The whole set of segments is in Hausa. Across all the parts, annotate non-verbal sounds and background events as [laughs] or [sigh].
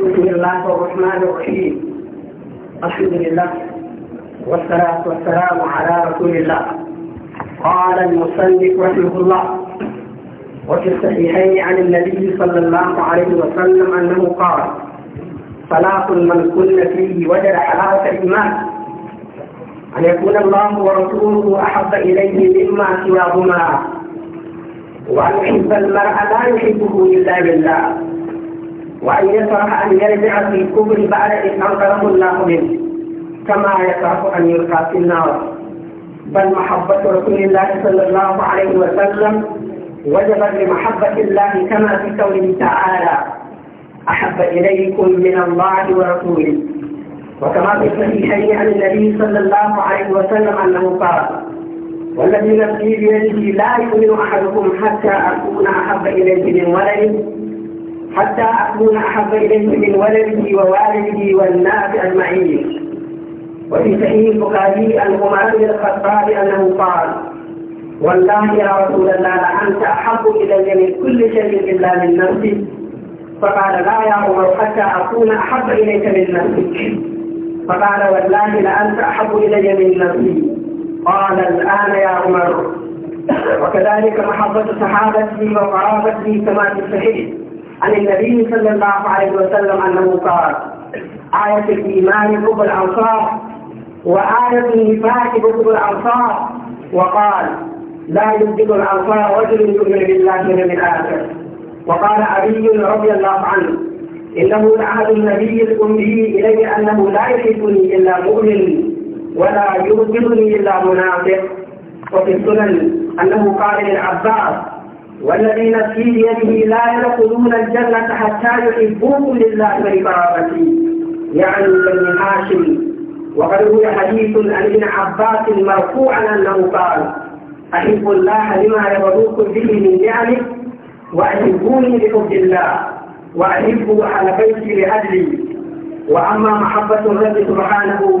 بسم الله الرحمن الرحيم الحمد لله والصلاة والسلام على رسول الله قال المصنف رحمه الله وفي الصحيحين عن النبي صلى الله عليه وسلم أنه قال صلاة من كن فيه وجد حلاوة الإيمان أن يكون الله ورسوله أحب إليه مما سواهما وأن يحب المرء لا يحبه إلا بالله وأن يسرح أن يرجع في الكفر بعد إن أنقذه الله منه كما يكره أن يلقى في النار بل محبة رسول الله صلى الله عليه وسلم وجبت لمحبة الله كما في قوله تعالى أحب إليكم من الله ورسوله وكما في الصحيحين عن النبي صلى الله عليه وسلم أنه قال والذي نفسي بيده لا يؤمن أحدكم حتى أكون أحب إليه من ولده حتى أكون أحب إليه من ولده ووالده والناس أجمعين وفي صحيح البخاري عن عمر بن الخطاب أنه قال والله يا رسول الله لأنت أحب إلي من كل شيء إلا من نفسي فقال لا يا عمر حتى أكون أحب إليك من نفسك فقال والله لأنت أحب إلي من نفسي قال الآن يا عمر وكذلك محبة صحابتي وقرابتي كما في الصحيح عن النبي صلى الله عليه وسلم أنه قال آية الإيمان حب الأنصار وآية النفاق بكر الأنصار وقال لا يبدل الأنصار رجل يؤمن بالله من الآخر وقال علي رضي الله عنه إنه لعهد النبي الأمي إلي أنه لا يحبني إلا مؤمن ولا يبدلني إلا منافق وفي السنن أنه قال للعباس والذين في يده لا يدخلون الجنة حتى يحبوهم لله ولمحبته يعني بن هاشم وقد روي حديث عن ابن عباس مرفوعا انه قال احب الله لما يبلوكم به من نعمه واحبوني لحب الله واحبوا على بيتي لاجلي واما محبه الرب سبحانه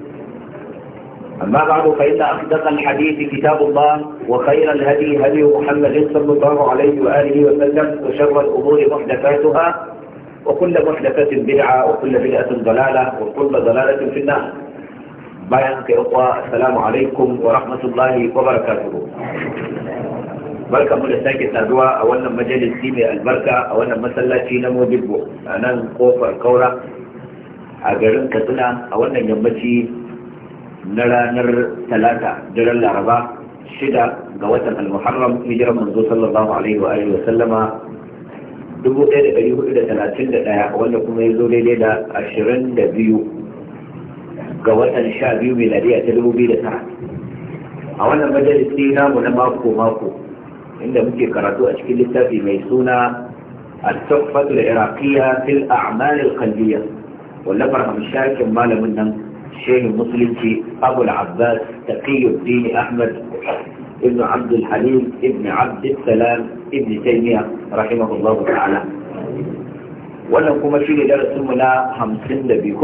أما بعد فإن أصدق الحديث كتاب الله وخير الهدي هدي محمد صلى الله عليه وآله وسلم وشر الأمور محدثاتها وكل محدثة بدعة وكل بدعة ضلالة وكل ضلالة في النار بيان أخوة السلام عليكم ورحمة الله وبركاته barka mu da sake saduwa a wannan majalisi mai albarka a wannan masallaci na mojibbo a nan kofar kaura a a na ranar talata daren laraba shida ga watan al-muharram hijirar manzo sallallahu alaihi wa alihi wa sallama 1431 wanda kuma yazo daidai da 22 ga watan 12 miladiya ta 2009 a wannan majalisi namu na mako mako inda muke karatu a cikin littafi mai suna al-tuhfatul iraqiyya fil a'mal al-qalbiyya wallafar hamshakin malamin nan شيخ المسلم أبو العباس تقي الدين أحمد ابن عبد الحليم ابن عبد السلام ابن تيمية رحمه الله تعالى wannan kuma shi ne darasinmu na hamsin da biyu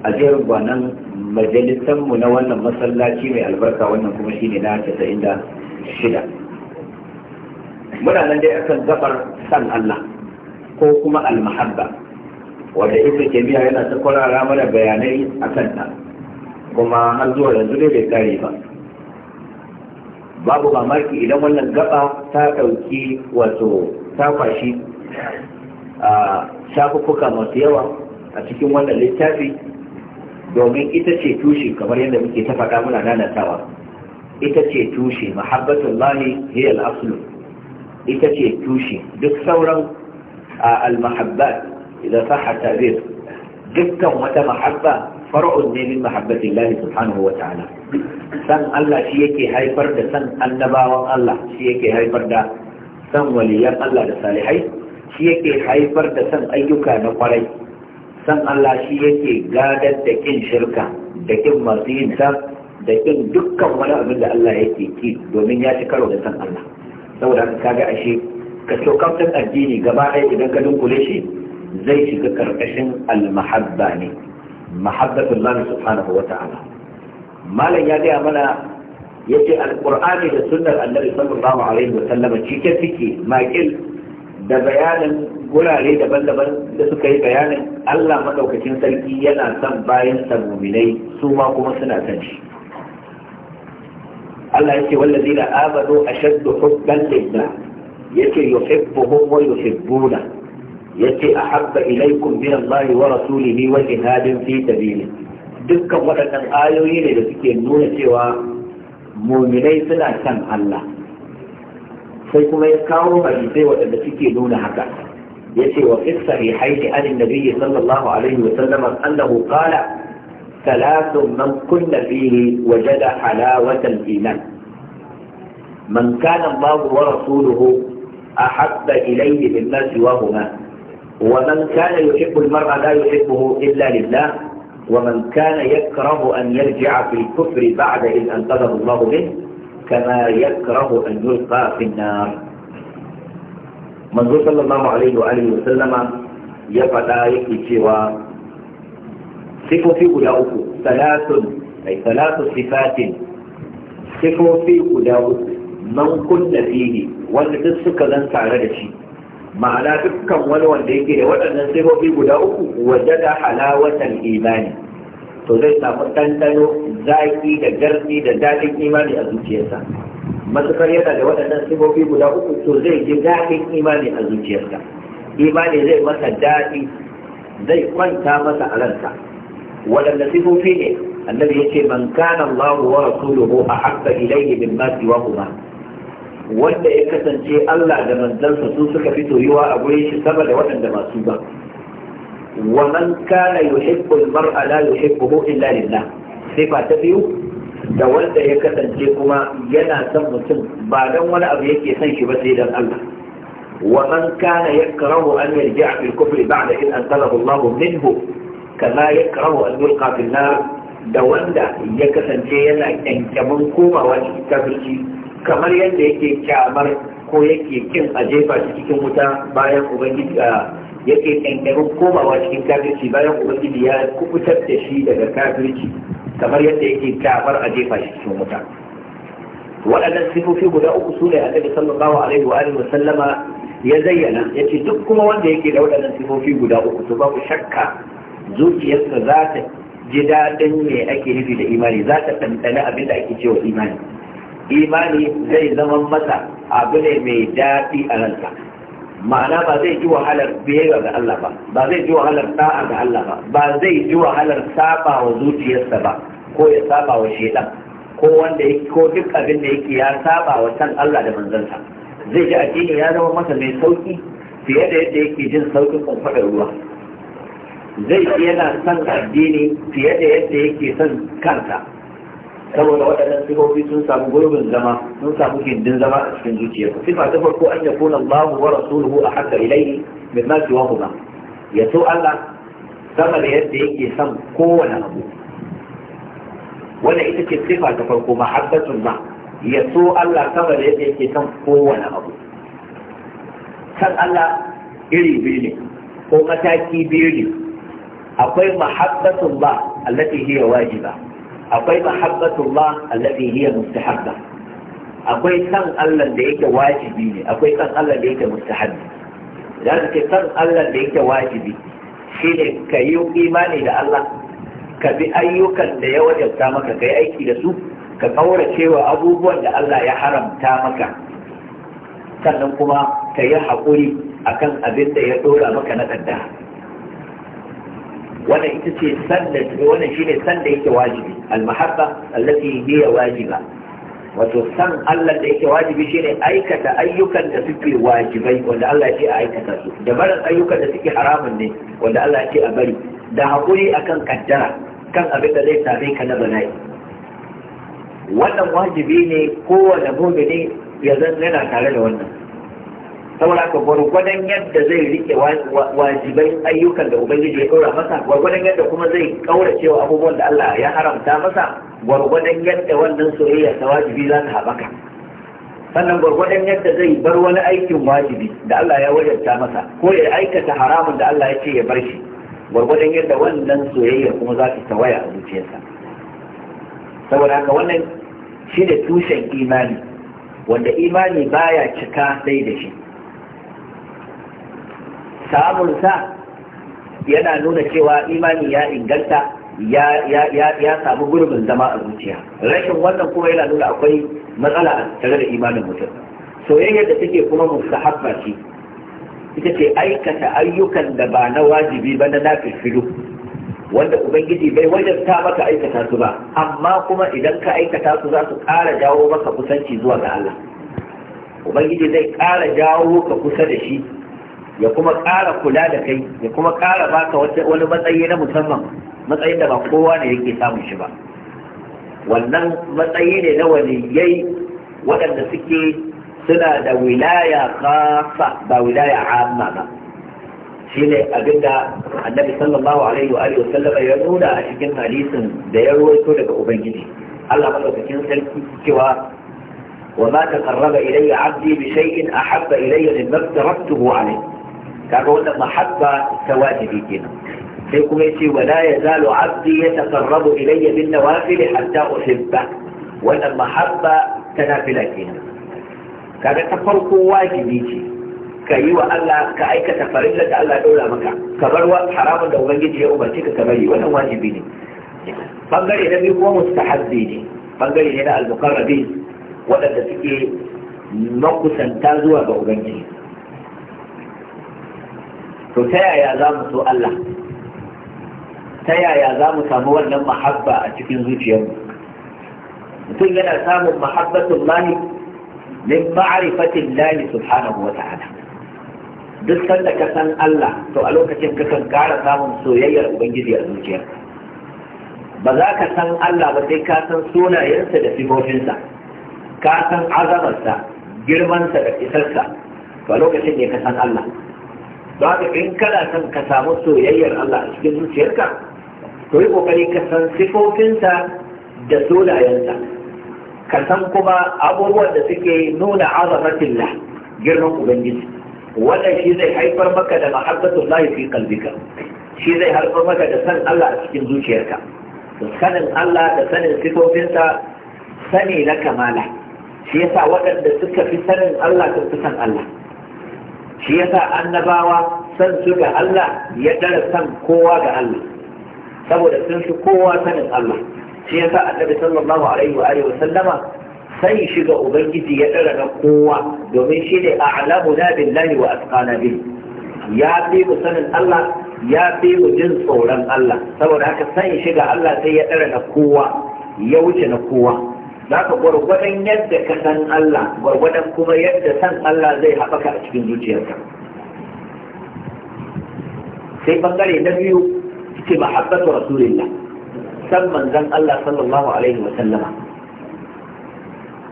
a jerin gwanan majalisanmu na wannan masallaci mai albarka wannan kuma shi ne na casa'in da shida muna nan dai akan gabar san Allah ko kuma almahabba wanda ibn taymiya yana ta kwarara mana bayanai a ta kuma har zuwa yanzu ne bai kare ba babu mamaki idan wannan gaba ta ɗauki wato ta kwashi a masu yawa a cikin wannan littafi domin ita ce tushe kamar yadda muke ta faɗa muna nanatawa ita ce tushe mahabbatun lahi hiya al ita ce tushe duk sauran al-mahabbat idan sahha ta'bir dukkan wata mahabba far'un ne min mahabbati Allah subhanahu wa ta'ala san Allah shi yake haifar da san annabawan Allah shi yake haifar da san waliyan Allah da salihai shi yake haifar da san ayyuka na kwarai san Allah shi yake gadar da kin shirka da kin masu da kin dukkan wani abin da Allah yake ki domin ya ci karo da san Allah saboda haka kaga ashe ka so addini gaba ɗaya idan ka dunkule shi zai shiga karkashin al-mahabba ne mahabbatullah subhanahu wa ta'ala malam ya gaya mana yace Alƙur'ani da sunnar annabi sallallahu alaihi wa sallama cike suke makil da bayanin gurare daban-daban da suka yi bayanin Allah madaukakin sarki yana son bayan muminai su ma kuma suna son shi Allah yace wallazina amanu ashaddu hubban lillah yace yuhibbuhum wa yuhibbuna yace ahabba ilaikum min Allah wa rasulihi wa jihadin fi sabili dukkan waɗannan ayoyi ne da suke nuna cewa muminai suna san Allah sai kuma ya kawo hadisai waɗanda suke nuna haka yace wa fi sahihaini an annabi sallallahu alaihi wa sallam annahu qala ثلاث من كن فيه وجد حلاوة الإيمان من كان الله ورسوله أحب إليه مما سواهما ومن كان يحب المرأة لا يحبه إلا لله ومن كان يكره أن يرجع في الكفر بعد إذ أنقذه الله منه كما يكره أن يلقى في النار منذ صلى الله عليه وآله وسلم يفعل يكتوى في قداؤك ثلاث أي ثلاث صفات في قداؤك من كن فيه وانتسك لن تعرض شيء ma'ana dukkan wani wanda yake da waɗannan sifofi guda uku waje da halawatan imani to zai samu ɗanɗano zaki da gardi da daɗin imani a zuciyarsa matukar yana da waɗannan sifofi guda uku to zai ji daɗin imani a zuciyarsa imani zai masa daɗi zai kwanta masa a ransa waɗanda sifofi ne annabi ya ce man kana Allahu wa rasuluhu a habba ilayhi mimma siwahuma wanda ya kasance Allah da manzansa su suka fi soyuwa a gurin shi sama da waɗanda masu ba wa man kana yuhibbu al-mar'a la yuhibbuhu illa lillah sifa ta biyu da wanda ya kasance kuma yana son mutum ba dan wani abu yake son shi ba sai dan Allah wa man kana yakrahu an yarji'a fil kufri ba'da in anzalahu Allah minhu kaza yakrahu an yulqa fil nar da wanda ya kasance yana kyankyamin komawa cikin kafirci kamar yadda yake kyamar ko yake kin a jefa shi cikin wuta bayan ubangiji yake kankanin komawa cikin kafirci bayan ubangiji ya kubutar da shi daga kafirci kamar yadda yake kyamar a jefa shi cikin wuta waɗannan sifofi guda uku su ne annabi sallallahu alaihi wa alihi wa sallama ya zayyana ya ce duk kuma wanda yake da waɗannan sifofi guda uku to babu shakka zuciyarsa za ta ji daɗin me ake nufi da imani za ta ɗanɗana abin da ake cewa imani imani zai zama masa abu ne mai daɗi a ranta, ma'ana ba zai ji wahalar biyayya ga Allah ba ba zai ji wahalar ta'a ga Allah ba ba zai ji wahalar saba wa zuciyarsa ba ko ya saba wa shedan ko wanda ko duk abin da yake ya saba wa san Allah da manzansa zai ji addini ya zama masa mai sauki fiye da yadda yake jin saukin kwamfadar ruwa zai yana son addini fiye da yadda yake son kanta saboda waɗannan sifofi sun samu gurbin zama sun samu gindin zama a cikin zuciya sifa ta farko an yakuna Allahu wa rasuluhu ahadda ilayhi mimma siwahuma ya so Allah sama da yadda yake son kowane abu wannan ita ce sifa ta farko mahabbatun ma ya so Allah sama da yadda yake son kowane abu san Allah iri biyu ne ko mataki biyu ne akwai mahabbatun ba allati hiya wajiba akwai mahabbatullah allati hiya mustahabba akwai san Allah da yake wajibi ne akwai san Allah da yake mustahabbi da ce san Allah da yake wajibi shine ka yi imani da Allah ka bi ayyukan da ya wajabta maka yi aiki da su ka kaurace wa abubuwan da Allah ya haramta maka sannan kuma ka yi haƙuri akan abin da ya ɗora maka na ɗaddara wannan ita ce sanda wannan shine sanda yake wajibi almahabba allati hiya wajiba wato san Allah da yake wajibi shine aikata ayyukan da suke wajibai wanda Allah ya ce a aikata su da barin ayyukan da suke haramun ne wanda Allah ya ce a bari da hakuri akan kaddara kan abin da zai same ka na bala'i wannan wajibi ne kowane mumini ya zan yana tare da wannan saboda ka gwargwadon yadda zai rike wajibai ayyukan da ubangiji ya ɗora masa gwargwadon yadda kuma zai cewa abubuwan da Allah ya haramta masa gwargwadon yadda wannan soyayya ta wajibi za ta haɓaka sannan gwargwadon yadda zai bar wani aikin wajibi da Allah ya wajabta masa ko ya aikata haramun da Allah ya ce ya bar shi gwargwadon yadda wannan soyayya kuma za ta tawaya a zuciyarsa saboda haka wannan shi da tushen imani wanda imani baya cika sai da shi sa yana nuna cewa imani ya inganta ya samu gurbin zama a zuciya rashin wannan kuma yana nuna akwai matsala tare da imanin mutum soyayyar da take kuma mustahabba ce ita ce aikata ayyukan da ba na wajibi ba na nafilfilu wanda ubangiji bai wajen wajabta maka aikata su ba amma kuma idan ka aikata su za su ƙara jawo maka kusanci zuwa ga Allah ubangiji zai ƙara jawo ka kusa da shi ya kuma ƙara kula da kai ya kuma ƙara baka wani matsayi na musamman matsayin da ba kowa ne yake samun shi ba wannan matsayi ne na waliyai waɗanda suke suna da wilaya khasa ba wilaya amma ba shi ne abinda annabi sallallahu alaihi wa alihi wasallam ya nuna a cikin hadisin da ya ruwaito daga ubangiji Allah madaukakin sarki cewa wa ma taqarraba ilayya in bi shay'in ahabba ilayya mimma kaga wannan mahabba ta wajibi kenan sai kuma yace wala yazalu abdi yataqarrabu ilayya bin nawafil hatta uhibba wannan mahabba ta nafila kenan kaga ta farko wajibi ce ka yi wa Allah ka aikata farilla da Allah daura maka ka bar haramun da ubangiji ya umarci ka bari wannan wajibi ne bangare na biyu kuma mustahabbi ne bangare ne na al-muqarrabin waɗanda suke makusanta zuwa ga ubangiji to ta yaya za mu so Allah ta yaya za mu samu wannan mahabba a cikin zuciyarmu mutum yana samun mahabbatun lahi min ma'arifatin lahi subhanahu wa ta'ala duk sanda ka san Allah to a lokacin ka kan ƙara samun soyayyar ubangiji a zuciyarka ba za ka san Allah ba sai ka san sunayensa da sifofinsa ka san azamarsa girmansa da isarsa to a lokacin ne ka san Allah don in kana son ka samu soyayyar Allah a cikin zuciyarka to yi kokari ka san sifofinsa da sunayensa ka san kuma abubuwan da suke nuna azamatillah girman ubangiji wannan shi zai haifar maka da mahabbatullah fi kalbika. shi zai haifar maka da san Allah a cikin zuciyarka sanin Allah da sanin sifofinsa sani na kamala shi yasa waɗanda suka fi sanin Allah sun fi san Allah shi yasa annabawa san su ga Allah ya ɗara san kowa ga Allah saboda sun su kowa sanin Allah shi yasa annabi sallallahu alaihi wa alihi wa sallama sai shiga ubangiji ya ɗara na kowa domin shi ne a'lamu na billahi wa asqana bi ya fi mu sanin Allah ya fi mu jin tsoron Allah saboda haka sai shiga Allah sai ya ɗara na kowa ya wuce na kowa za ka gwargwadon yadda ka san Allah gwargwadon kuma yadda san Allah zai haɓaka a cikin zuciyarka sai bangare na biyu ce mahabbatu rasulillah san manzon Allah sallallahu alaihi wa sallama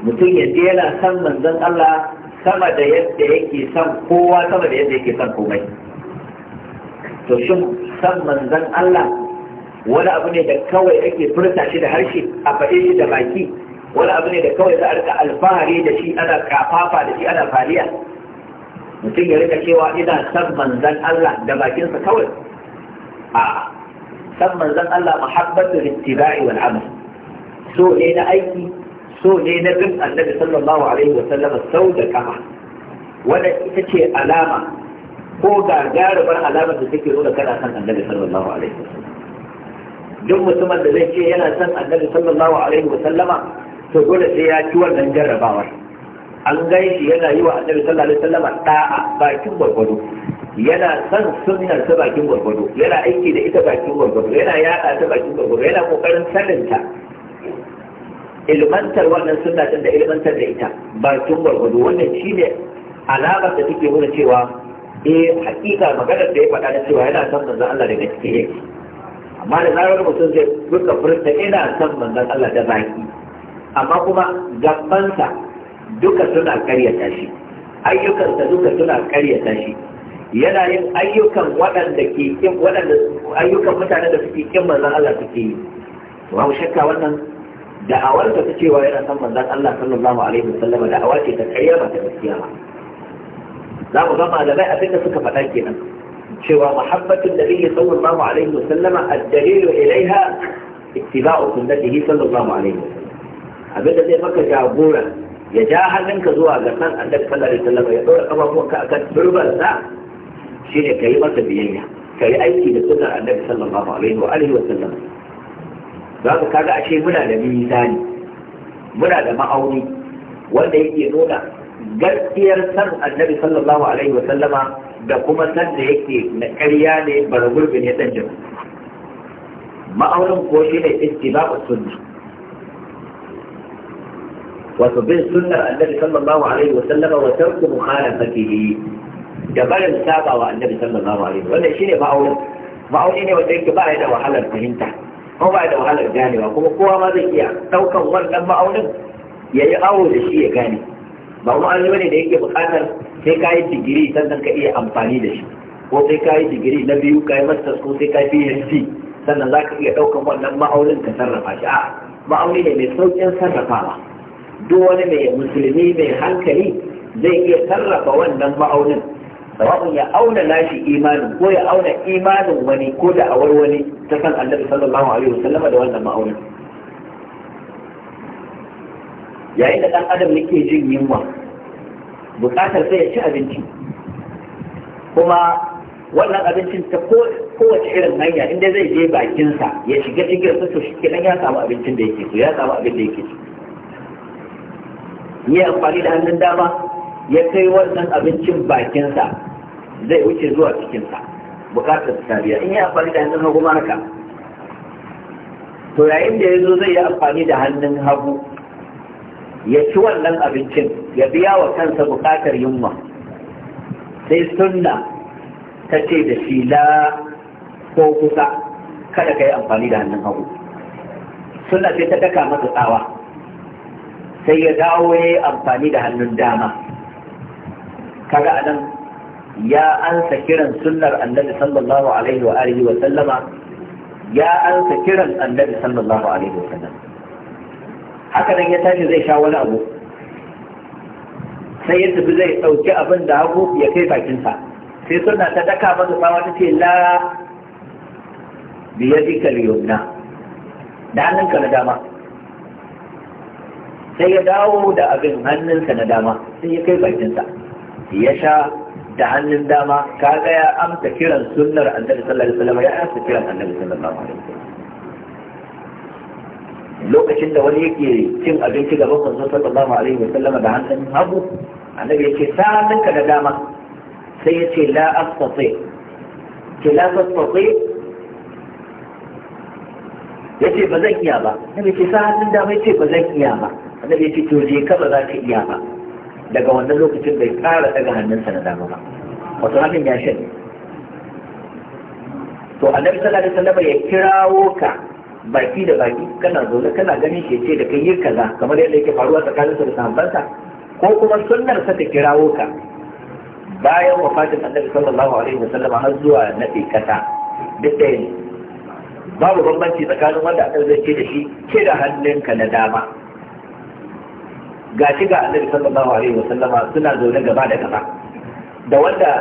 mutum ya je yana san manzon Allah sama da yadda yake san kowa sama da yadda yake san komai to shin san manzon Allah wani abu ne da kawai ake furta shi da harshe a faɗe shi da baki wani abu ne da kawai za a rika alfahari da shi ana kafafa da shi ana fariya mutum ya rika cewa ina san manzan Allah da bakinsa kawai a san manzan Allah mahabbatu littiba'i wal amal so ne na aiki so ne na bin annabi sallallahu alaihi wa sallam sau da kama wanda ita ce alama ko gagarumar alamar da take nuna kana san annabi sallallahu alaihi wa sallam duk mutumin da zai ce yana san annabi sallallahu alaihi wa sallama to dole sai ya ci wannan jarrabawar an gai shi yana yi wa annabi sallallahu alaihi wasallam ta'a bakin gwargwado yana san sunnar ta bakin gwargwado yana aiki da ita bakin gwargwado yana yada ta bakin gwargwado yana kokarin saninta ilmantar wannan sunna din da ilmantar da ita bakin gwargwado wannan shine alamar da take nuna cewa eh hakika maganar da ya faɗa da cewa yana son manzon Allah daga cikin yake amma da zarar mutum zai duka furta ina son manzon Allah da zaki amma kuma gabansa duka suna karyata shi ayyukansa duka suna karyata shi yana yin ayyukan waɗanda ke waɗanda ayyukan mutanen da suke kin manzon Allah suke yi babu shakka wannan da'awar ta cewa yana san manzon Allah sallallahu alaihi wasallam da'awa ce ta ƙarya ba ta gaskiya ba za mu ga malamai abin da suka faɗa kenan cewa muhabbatul nabiy sallallahu alaihi wasallam ad-dalil ilaiha ittiba'u sunnatihi sallallahu alaihi wasallam abinda zai maka jagora ya ja hannunka zuwa ga san annabi sallallahu da sallama, ya ɗora dora kafafuwanka akan turban sa ka yi masa biyayya ka yi aiki da sunnar annabi sallallahu alaihi wa alihi sallam za ka kaga ashe muna da misali muna da ma'auni wanda yake nuna gaskiyar san annabi sallallahu alaihi sallam da kuma san da yake na ƙarya ne bara gurbin ya ɗan jama'a ma'aunin ko shi ne ittiba'u sunna wato bin sunnar annabi sallallahu alaihi wa sallama wa tarku mukhalafatihi da barin saba wa annabi sallallahu alaihi wannan shine ma'auni ma'auni ne wanda yake ba ya da wahalar fahimta ko ba ya da wahalar ganewa kuma kowa ma zai iya daukan wannan ma'aunin ya yi awo da shi ya gane ba ma'auni ne da yake bukatar sai ka yi digiri sannan ka iya amfani da shi ko sai ka yi digiri na biyu ka yi masters ko sai ka yi PhD sannan za ka iya daukan wannan ma'aunin ka sarrafa shi a'a ma'auni ne mai saukin sarrafawa duk wani mai musulmi mai hankali zai iya sarrafa wannan ma'aunin sababin ya auna nashi imanin ko ya auna imanin wani ko da awar wani ta san annabi sallallahu alaihi wasallam da wannan ma'aunin yayin da dan adam yake jin yunwa bukatar sai ya ci abinci kuma wannan abincin ta kowace irin hanya inda zai je bakinsa ya shiga cikin su to shi ya samu abincin da yake so ya samu abin da yake so ya amfani da hannun dama ya kai wannan abincin bakinsa zai wuce zuwa cikinsa bukatar da biya in yi amfani da hannun hagu ma haka to yayin da ya zo zai yi amfani da hannun hagu ya ci wannan abincin ya biya wa kansa bukatar yunwa sai sunna ta ce da shi la ko kusa kada ka yi amfani da hannun hagu sunna sai ta daka masa tsawa sai ya dawo ya yi amfani da hannun dama kaga anan ya ansa kiran sunnar annabi sallallahu alaihi wa alihi wa sallama ya ansa kiran annabi sallallahu alaihi wa sallam haka nan ya tashi zai sha wani abu sai ya tafi zai ɗauki abin da hagu ya kai bakinsa sai suna ta daka masa sawa ta ce la biyadika liyumna da hannunka na dama sai ya dawo da abin hannunsa na dama sai ya kai bakinsa ya sha da hannun dama kaga ya amsa kiran sunnar annabi sallallahu alaihi wasallam ya amsa kiran annabi sallallahu alaihi wasallam lokacin da wani yake cin abinci gaban manzo sallallahu alaihi wasallam da hannun hagu annabi yake sa hannunka da dama sai ya ce, la astati ke la astati yace ba zan iya ba annabi yace sa hannun dama yace ba zan iya ba annabi ya ce to je kaba za ka iya ba daga wannan lokacin bai tsara daga hannunsa na dama ba wato hannun ya shan to annabi sallallahu alaihi wasallam ya kirawo ka baki da baki kana zaune kana ganin shi ce da kai yi kaza kamar yadda yake faruwa tsakaninsa da sahabbansa ko kuma sunnar sa ta kirawo ka bayan wafatin annabi sallallahu alaihi wasallam har zuwa na kasa duk da babu bambanci tsakanin wanda aka zai ce da shi ce da hannunka na dama ga shi ga annabi sallallahu alaihi Sallama suna zaune gaba da gaba da wanda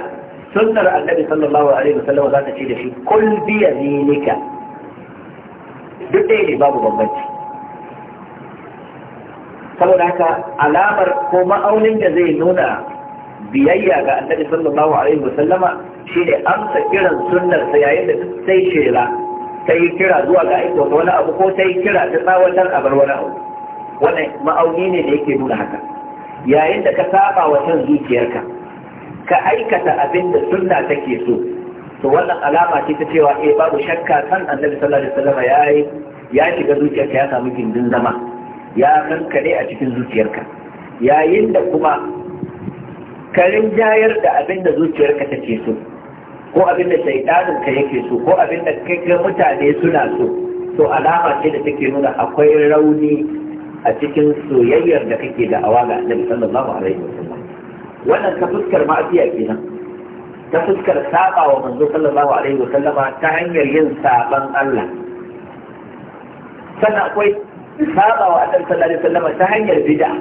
sunnar annabi sallallahu alaihi Sallama za ta ce da shi kul bi yaminika duk ɗaya ne babu bambanci saboda haka alamar ko ma'aunin da zai nuna biyayya ga annabi sallallahu alaihi wasallama shi ne amsa kiran sunnar sa yayin da sai shela sai kira zuwa ga aiki wani abu ko sai kira ta tsawatar a bar wani abu Wani ma'auni ne da yake nuna haka yayin da ka saba wa kan zuciyarka ka aikata abin da sunna take so to wannan alama ce ta cewa eh babu shakka san annabi sallallahu alaihi wasallam yayi ya shiga zuciyarka ya samu gindin zama ya kankare a cikin zuciyarka yayin da kuma ka rinjayar da abin da zuciyarka take so ko abin da shaidanin ka yake so ko abin da kai mutane suna so to alama ce da take nuna akwai rauni a cikin soyayyar da kake da awa ga annabi sallallahu alaihi wasallam wannan ta fuskar ma'asiya kenan ta fuskar saba wa manzo sallallahu alaihi wasallama ta hanyar yin saban Allah sannan akwai saba wa annabi sallallahu alaihi wasallama ta hanyar bid'a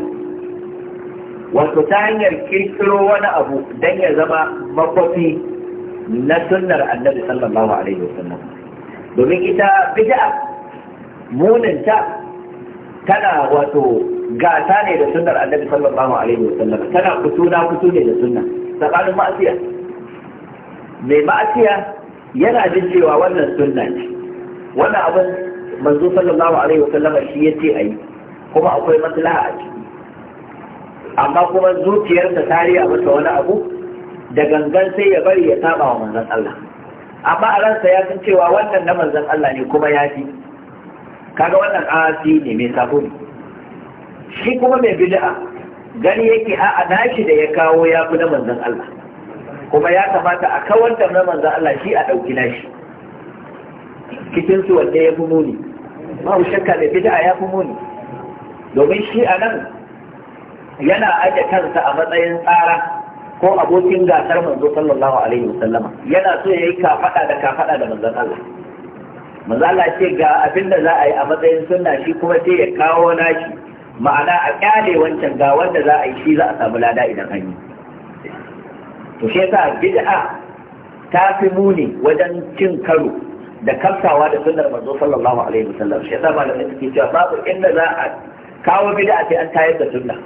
wato ta hanyar kirkiro wani abu dan ya zama makwafi na sunnar annabi sallallahu alaihi wasallam domin ita bid'a munanta tana wato gata ne da sunnar annabi sallallahu alaihi wasallam tana kutuna kutu ne da sunna tsakanin ma'asiya mai ma'asiya yana jin cewa wannan sunna ce wannan abin manzo sallallahu alaihi wasallam shi yace ayi kuma akwai maslaha a ciki amma kuma zuciyar ta a mata wani abu da gangan sai ya bari ya saba wa manzon Allah amma a ransa ya san cewa wannan na manzon Allah ne kuma ya fi kaga wannan asi ne mai sabo shi kuma mai bid'a gani yake a a nashi da ya kawo ya fi na manzan Allah kuma ya kamata a kawar na manzan Allah shi a ɗauki nashi kitinsu wanda ya fi muni ba shakka mai bid'a ya fi muni domin shi a nan yana aje kansa a matsayin tsara ko abokin gasar manzo sallallahu alaihi wasallama yana so yayi kafada da kafada da manzan Allah manzo ce ga abin da za a yi a matsayin suna shi kuma ce ya kawo nashi ma'ana a kyale wancan ga wanda za a yi shi za a samu lada idan an yi to shi yasa bid'a ta fi muni wajen cin karo da kafsawa da sunnar manzo sallallahu alaihi wasallam shi yasa malamai suke cewa babu inda za a kawo bid'a sai an tayar da sunna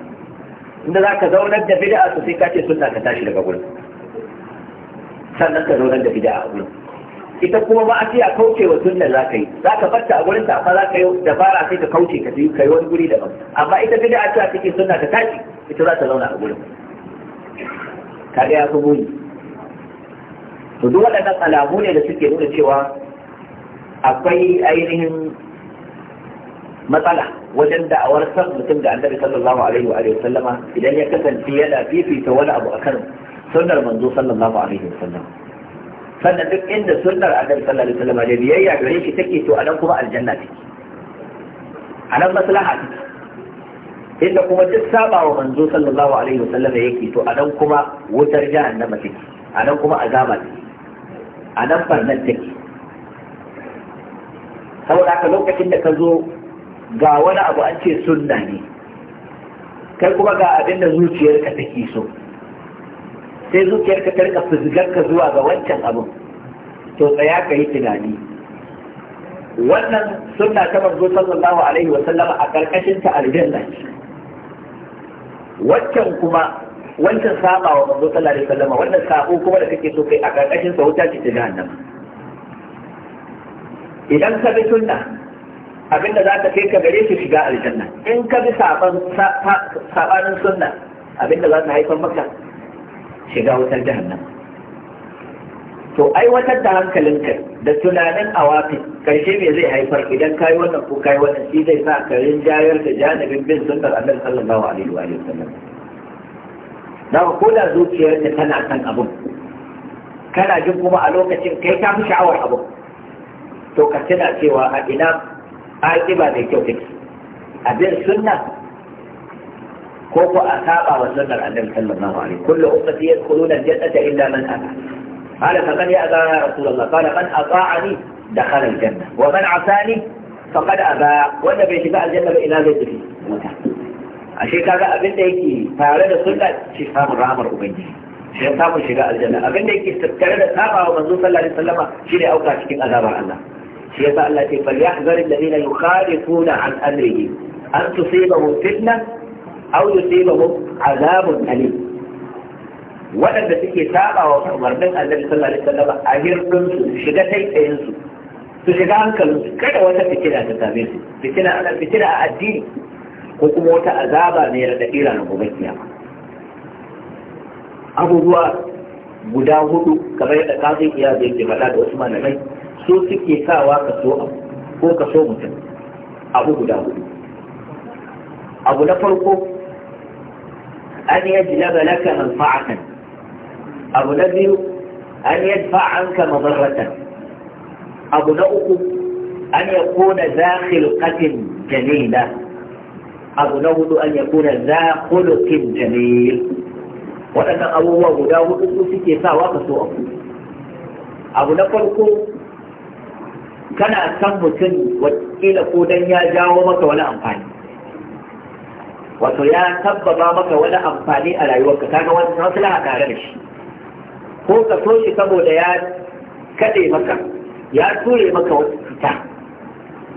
inda za ka zaunar da bid'a to sai ka ce sunna ka tashi daga gurin sannan ka zaunar da bid'a a gurin ita kuma ba a ce a kauce wa sunnan za ka yi za ka batta a gurin tafa za ka yi da fara sai ka kauce ka yi kai wani guri daban amma ita bid'a a ce a cikin sunna ta tashi ita za ta zauna a gurin ka ga ya fi muni to duk waɗannan alamu ne da suke nuna cewa akwai ainihin matsala wajen da'awar san mutum da annabi sallallahu alaihi wa sallama idan ya kasance yana fifita wani abu akan sunnar manzo sallallahu alaihi wa sallama sannan duk inda sunnar annabi sallallahu alaihi wasallam ya biyayya gare shi take to anan kuma aljanna take anan maslaha take inda kuma duk saba wa manzo sallallahu alaihi wasallam yake to anan kuma wutar jahannama take anan kuma azaba take anan farnan take saboda haka lokacin da ka zo ga wani abu an ce sunna ne kai kuma ga abin da zuciyarka take so sai zuciyar ka tarka fizgar ka zuwa ga wancan abin to tsaya ka yi tunani wannan sunna ta manzo sallallahu alaihi wa sallama a karkashin ta aljanna waccan kuma wancan saba wa manzo sallallahu alaihi wa sallama wannan sabo kuma da kake so kai a karkashin sa wuta ce ta jahannama idan ka bi sunna abin da za ka kai ka gare shi shiga aljanna in ka bi sabanin sunna abin da za ta haifar maka shiga wutar jahannama to aiwatar da hankalinka da tunanin awafi karshe me zai haifar idan kai wannan ko kai wannan shi zai sa ka jayar da janibin bin sunnar annabi sallallahu alaihi wa sallam da ko da zuciyarka tana kan abin kana jin kuma a lokacin kai ka fi sha'awar abin to ka tuna cewa a ina aƙiba mai kyau take a bin sunna ko ko a saba wa sunnar annabi sallallahu alaihi kullu ummati yadkhuluna al-jannata illa man aba qala fa man ya'za ya rasulullah qala man ata'ani dakhala al-janna wa man 'asani faqad aba wanda bai shiga aljanna ba ina zai tafi A ashe kaga abin da yake tare da sunna shi samun rahmar ubangiji shi samun shiga aljanna abin da yake tattare da saba wa manzo sallallahu alaihi wasallama ne auka cikin azabar Allah shi yasa Allah ya ce fal yahzar alladhina yukhalifuna an amrihi an tusibahum fitna aw yusibahum azabun alim waɗanda suke saba wa umarnin sallallahu alaihi wasallam a su shiga su su shiga hankalin su kada wata ta same su addini ko kuma wata azaba abubuwa guda hudu kamar iya da yake da so suke sawa ka abu na farko an yajlaba laka manfa'atan abu na biyu an yadfa anka madarratan abu na uku an yakuna za khilqatin jamila abu na hudu an yakuna za khuluqin jamil waɗannan abubuwa guda hudu su suke sawa ka so abu abu na farko kana san mutum wakila ko dan ya jawo maka wani amfani wato ya sabbaba maka wani amfani a rayuwarka kaga wani maslaha tare da shi ko ka so shi saboda ya kade maka ya ture maka wata cuta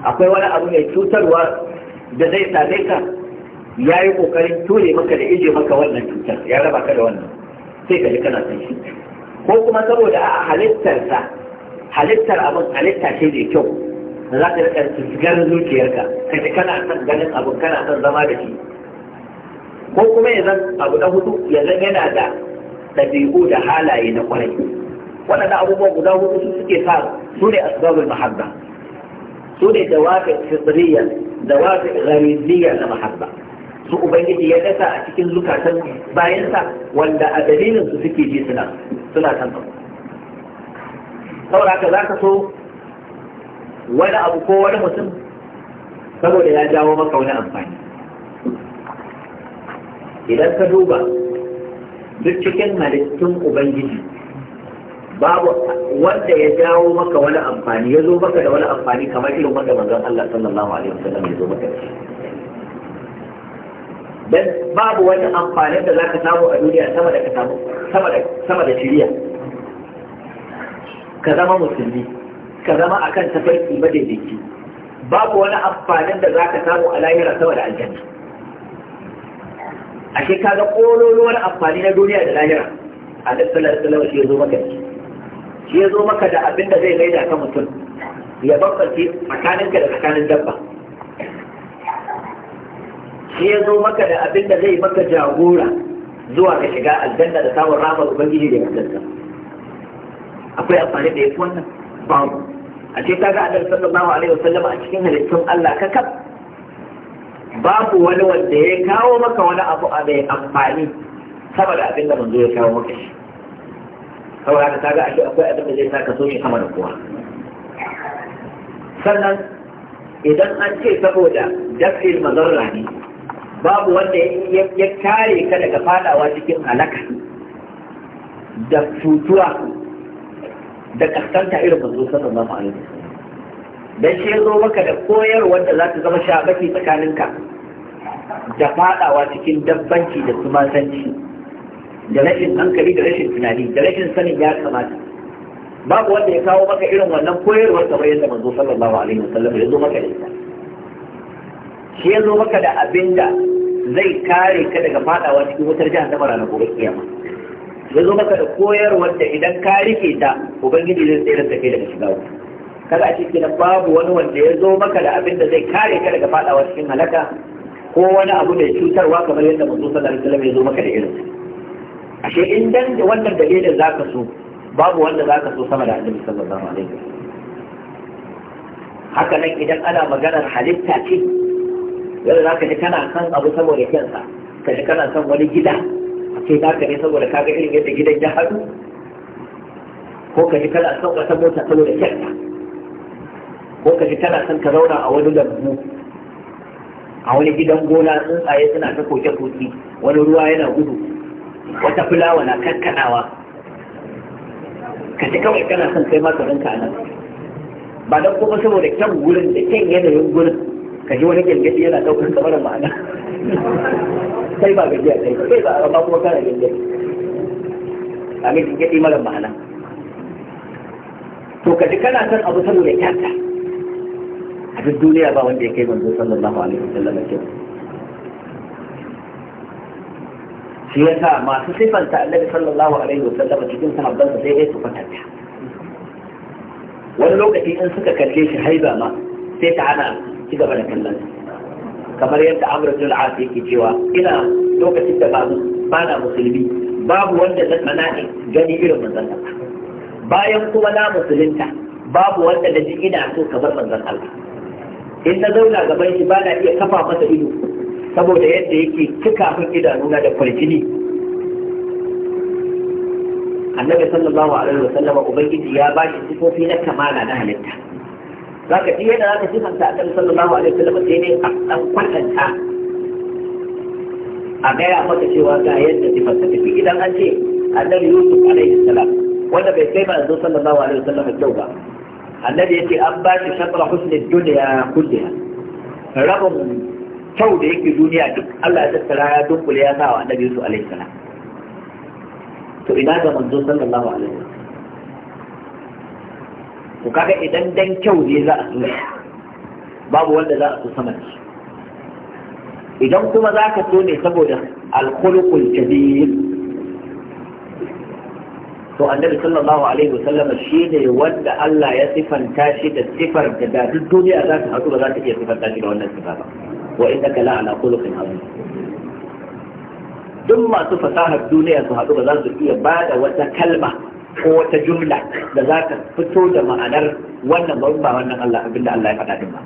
akwai wani abu mai cutarwa da zai same ka ya yi kokarin ture maka da ije maka wannan cutar ya raba ka da wannan sai ka ji kana san shi ko kuma saboda a halittarsa halittar abin halitta ce mai kyau za ka rika tsirgar zuciyarka ka ji kana son ganin abin kana son zama da shi ko kuma ya zan abu na hudu ya zan yana da ɗabi'u da halaye na kwarai waɗanda abubuwa guda hudu su suke sa su ne asbabul mahabba su ne dawafi fitriya dawafi ghariziyya na mahabba su ubangiji ya dasa a cikin zukatan bayansa wanda a dalilin su suke ji suna suna san saboda za ka so wani abu ko wani mutum saboda ya jawo maka wani amfani idan ka duba duk cikin halittun ubangiji babu wanda ya jawo maka wani amfani ya zo maka da wani amfani kamar irin wanda manzon Allah sallallahu alaihi wasallam ya zo maka da shi dan babu wani amfani da zaka samu a duniya sama da ka samu sama da sama da shiriya ka zama musulmi ka zama akan tafarki madaidaici babu wani amfanin da zaka samu a lahira sama da aljanna ake kaga kololuwar amfani na duniya da lahira a sallallahu alaihi wasallam shi ya zo maka shi ya zo maka da abin da zai maida ka mutum ya bambance tsakaninka da tsakanin dabba shi ya zo maka da abin da zai maka jagora zuwa ka shiga aljanna da samun ramar ubangiji da yardarsa akwai amfani da fi wannan babu a ce kaga annabi sallallahu alaihi wasallam a cikin halittun Allah ka kaf babu wani wanda ya kawo maka wani abu a mai amfani saboda abin da manzo ya kawo maka shi saboda haka kaga ashe akwai abin da zai sa ka so shi sama da kowa sannan idan an ce saboda dafil mazarra ne babu wanda ya kare ka daga fadawa cikin halaka da cutuwa da kaskanta irin manzo sallallahu alaihi wasallam dan shi zo maka da koyarwar da za ta zama shabaki tsakaninka da fadawa cikin dabbanci da sanci, da rashin hankali da rashin tunani da rashin sanin ya kamata babu wanda ya kawo maka irin wannan koyarwar kamar yadda manzo sallallahu alaihi wasallam ya zo maka da ita shi ya zo maka da abin da zai kare ka daga fadawa cikin wutar jahannama ranar gobe kiyama ya zo maka da koyarwar da idan ka rike ta ubangiji zai tsere da kai daga shiga wuta kaga a cikin babu wani wanda ya zo maka da abin da zai kare ka daga fadawa cikin halaka ko wani abu da cutarwa kamar yadda mutum sallallahu alaihi wasallam ya zo maka da irin ashe in dan da wannan dalilin zaka so babu wanda zaka so sama da annabi sallallahu alaihi wasallam haka nan idan ana maganar halitta ce yadda zaka ji kana san abu saboda kansa ka ji kana son wani gida sai ka ne saboda kaga irin yadda gidan ya haɗu ko ka ji kana son wata mota saboda kyansa ko ka ji son ka zauna a wani lambu a wani gidan gona tsuntsaye suna ta koke koki wani ruwa yana gudu wata fulawa na kankanawa ka ci kawai kana son kai maka ranka a nan ba don kuma saboda kyan gurin da kyan yanayin gurin ka ji wani gyangyaɗi yana ɗaukar kamar ma'ana sai ba gajiya kai sai ba amma kuma kana gyangyaɗi a mai ya mara ma'ana to ka ji kana son abu saboda kyanta a duk duniya ba wanda ya kai manzo sallallahu alaihi wasallam kyau shi yasa masu sifanta annabi sallallahu alaihi wasallam cikin sahabban sa sai dai su kwatanta wani lokaci in suka kalle shi haiba ma sai ta ana ci gaba da kallon kamar yadda Amr ibn al-As yake cewa ina lokacin da babu bana musulmi babu wanda zan mana gani irin manzon Allah bayan kuma na musulunta babu wanda da ji ina so kamar manzon Allah in na zauna gaban shi ba na iya kafa masa ido saboda yadda yake cika min idanuna da farjini annabi sallallahu alaihi wasallam ubangiji ya ba shi sifofi na kamala na halitta zaka ji yadda zaka sifanta kan sallallahu alaihi wasallam sai ne a dan kwatanta a gaya maka cewa ga yadda sifanta tafi idan an ce annabi yusuf alaihi salam wanda bai kai zo sallallahu alaihi wasallam kyau ba annabi yake an ba shi shatra husnul dunya kulliha rabin kyau da yake duniya duk Allah ya tattara ya dunkule ya sa wa annabi su alaihi salam to ina ga manzo sallallahu alaihi wasallam Ku kaga idan dan kyau ne za a so babu wanda za a so sama da shi idan kuma za ka so ne saboda alkhuluqul jadid to annabi sallallahu alaihi wasallam shi ne wanda Allah ya sifanta shi da sifar da da duk duniya za ta haɗu ba za ta iya sifanta shi da wannan sifa ba wa innaka la ala khuluqin azim duk masu fasahar duniya su haɗu ba za su iya ba da wata kalma ko wata jumla da za ka fito da ma'anar wannan ba wannan Allah abinda Allah ya faɗa din ba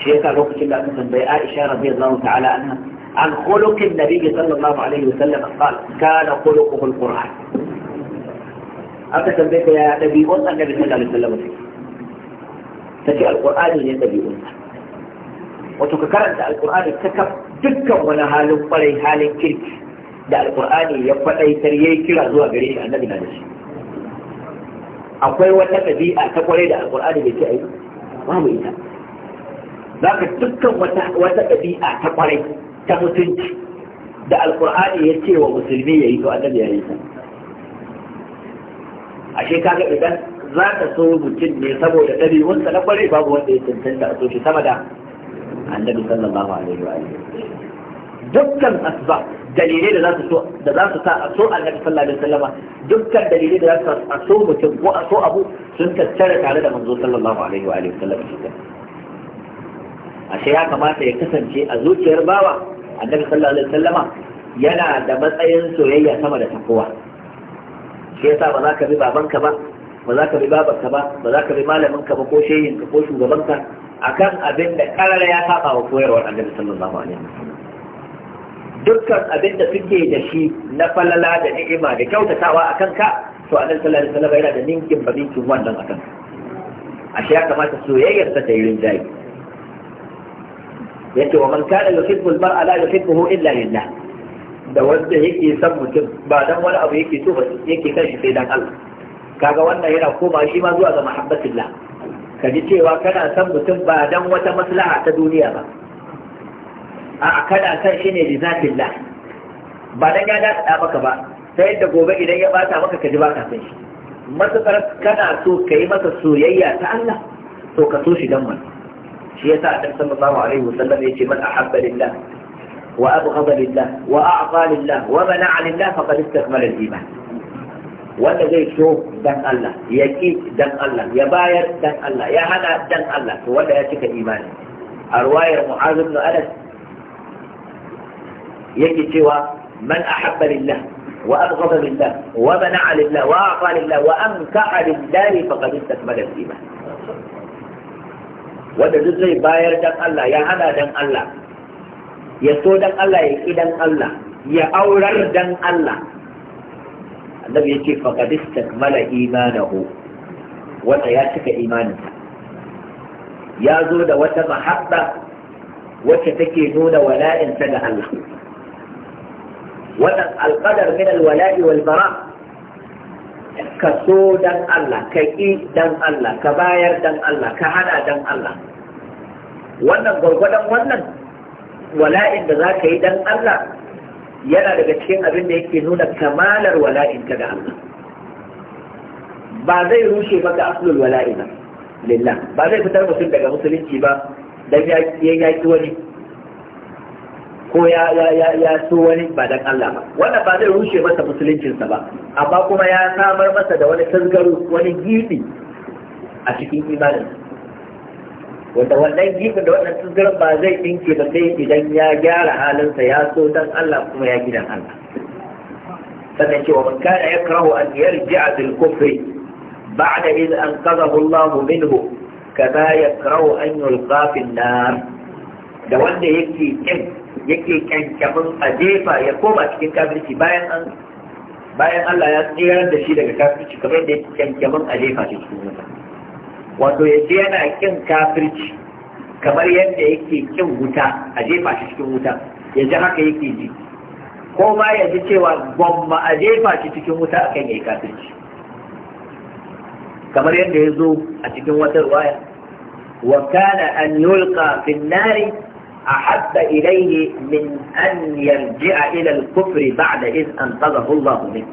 shi yasa lokacin da aka tambayi Aisha radiyallahu ta'ala anha عن خلق النبي صلى الله عليه وسلم قال كان خلقه القرآن أنت بيك يا نبي أنت النبي صلى الله عليه وسلم تجي القرآن يا نبي أنت وتكررت القرآن تكف دكا ولا هال فري هال كيرك da alkur'ani ya faɗai sarye kira zuwa gare shi annabi na da shi akwai wata ɗabi'a ta kwarai da alkur'ani bai ce ai babu ita zaka dukkan wata ɗabi'a ta kwarai ta mutunci da alkur'ani ya ce wa musulmi ya yi to annabi ya yi ta ashe kaga idan za ka so mutum ne saboda wanda na kwarai babu wanda ya cancanta a so sama da annabi sallallahu alaihi wa dukkan asba dalilai da za su so da za su sa a so annabi sallallahu alaihi wasallama dukkan dalilai da za su a so mutum ko a so abu sun tattara tare da manzo sallallahu alaihi wa a ashe ya kamata ya kasance a zuciyar bawa annabi sallallahu alaihi sallama yana da matsayin soyayya sama da takowa shi yasa ba za ka bi babanka ba ba za ka bi babanka ba ba za ka bi malaminka ba ko shehinka ko shugabanka akan abin da karara ya saba wa koyarwar annabi sallallahu alaihi wasallam dukkan abin da suke da shi na falala da ni'ima da kyautatawa a kanka to annabi sallallahu alaihi wasallam yana da ninkin ba ninkin wannan a kanka ashe ya kamata soyayyar ta yi rinjaye yake wa man kana yuhibbu al-mar'a la yuhibbuhu illa lillah da wanda yake son mutum ba dan wani abu yake so ba yake kan shi sai dan Allah kaga wannan yana koma shi ma zuwa ga mahabbatillah ka ji cewa kana son mutum ba dan wata maslaha ta duniya ba a kana son shi ne lizatillah ba dan ya dada maka ba ta yadda gobe idan ya bata maka ka ji baka san shi matukar kana so ka yi masa soyayya ta Allah to ka so shi dan wannan هي تعتم صلى الله عليه وسلم يجي من أحب لله وأبغض لله وأعطى لله ومنع لله فقد استكمل الإيمان وانا زي شوف دن الله يكيد دن الله يباير دن الله يهنى دن الله ولا يتك الإيمان أرواية معاذ بن أنس يجي سوى من أحب لله وأبغض لله ومنع لله وأعطى لله وأمتع لله فقد استكمل الإيمان wanda duk zai bayar dan Allah ya hada dan Allah ya so dan Allah ya ki dan Allah ya aurar dan Allah annabi fa faqad istakmala imanahu wanda ya cika imaninsa ya zo da wata mahabba wacce take nuna wala'insa ga Allah wannan alqadar min alwala'i wal bara' ka so dan Allah ka ƙi dan Allah ka bayar dan Allah ka hana dan Allah wannan gwargwadon wannan wala'in da za ka yi dan Allah yana daga cikin abin da yake nuna kamalar wala'in ka da Allah ba zai rushe maka aslul wala'i ba lillah ba zai fitar mutum daga musulunci ba dan ya yaki wani ko ya ya ya ya so wani ba dan Allah ba wannan ba zai rushe masa musuluncinsa ba amma kuma ya samar masa da wani tasgaro wani gibi a cikin imanin wanda wannan gibin da wannan tasgaron ba zai dinke ba sai idan ya gyara halinsa ya so dan Allah kuma ya gidan Allah sannan cewa man kana yakrahu an yarji'a bil kufri ba'da idh anqadhahu Allah minhu kama yakrahu an yulqa fil nar da wanda yake kin yake kyankyamin a jefa ya koma cikin kafirci bayan an bayan Allah ya tsirar da shi daga kafirci kamar da yake kyankyamin a jefa shi cikin wuta wato ya ce yana kin kafirci kamar yadda yake kin wuta a jefa shi cikin wuta ya ji haka yake ji ko ma ya ji cewa gwamma a jefa shi cikin wuta akan yayi kafirci kamar yadda ya zo a cikin wata ruwaya wa kana an yulqa fi nari أحب إليه من أن يرجع إلى الكفر بعد إذ أنقذه الله منه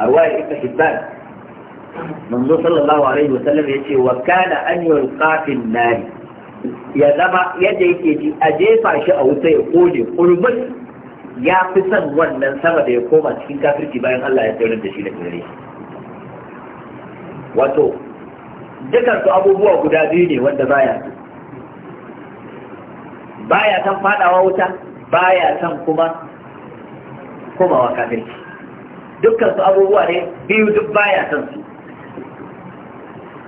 أرواية ابن حبان منذ صلى الله عليه وسلم يجي وكان أن يلقى في النار ya zama yadda yake ji a jefa shi a wuta ya kone kurmin ya fi son wannan sama da ya koma cikin kafirci bayan Allah ya tsayar da shi da gare wato dukansu abubuwa guda biyu ne wanda baya baya san fadawa wuta baya san kuma komawa kafirci dukkan su abubuwa ne biyu duk baya san su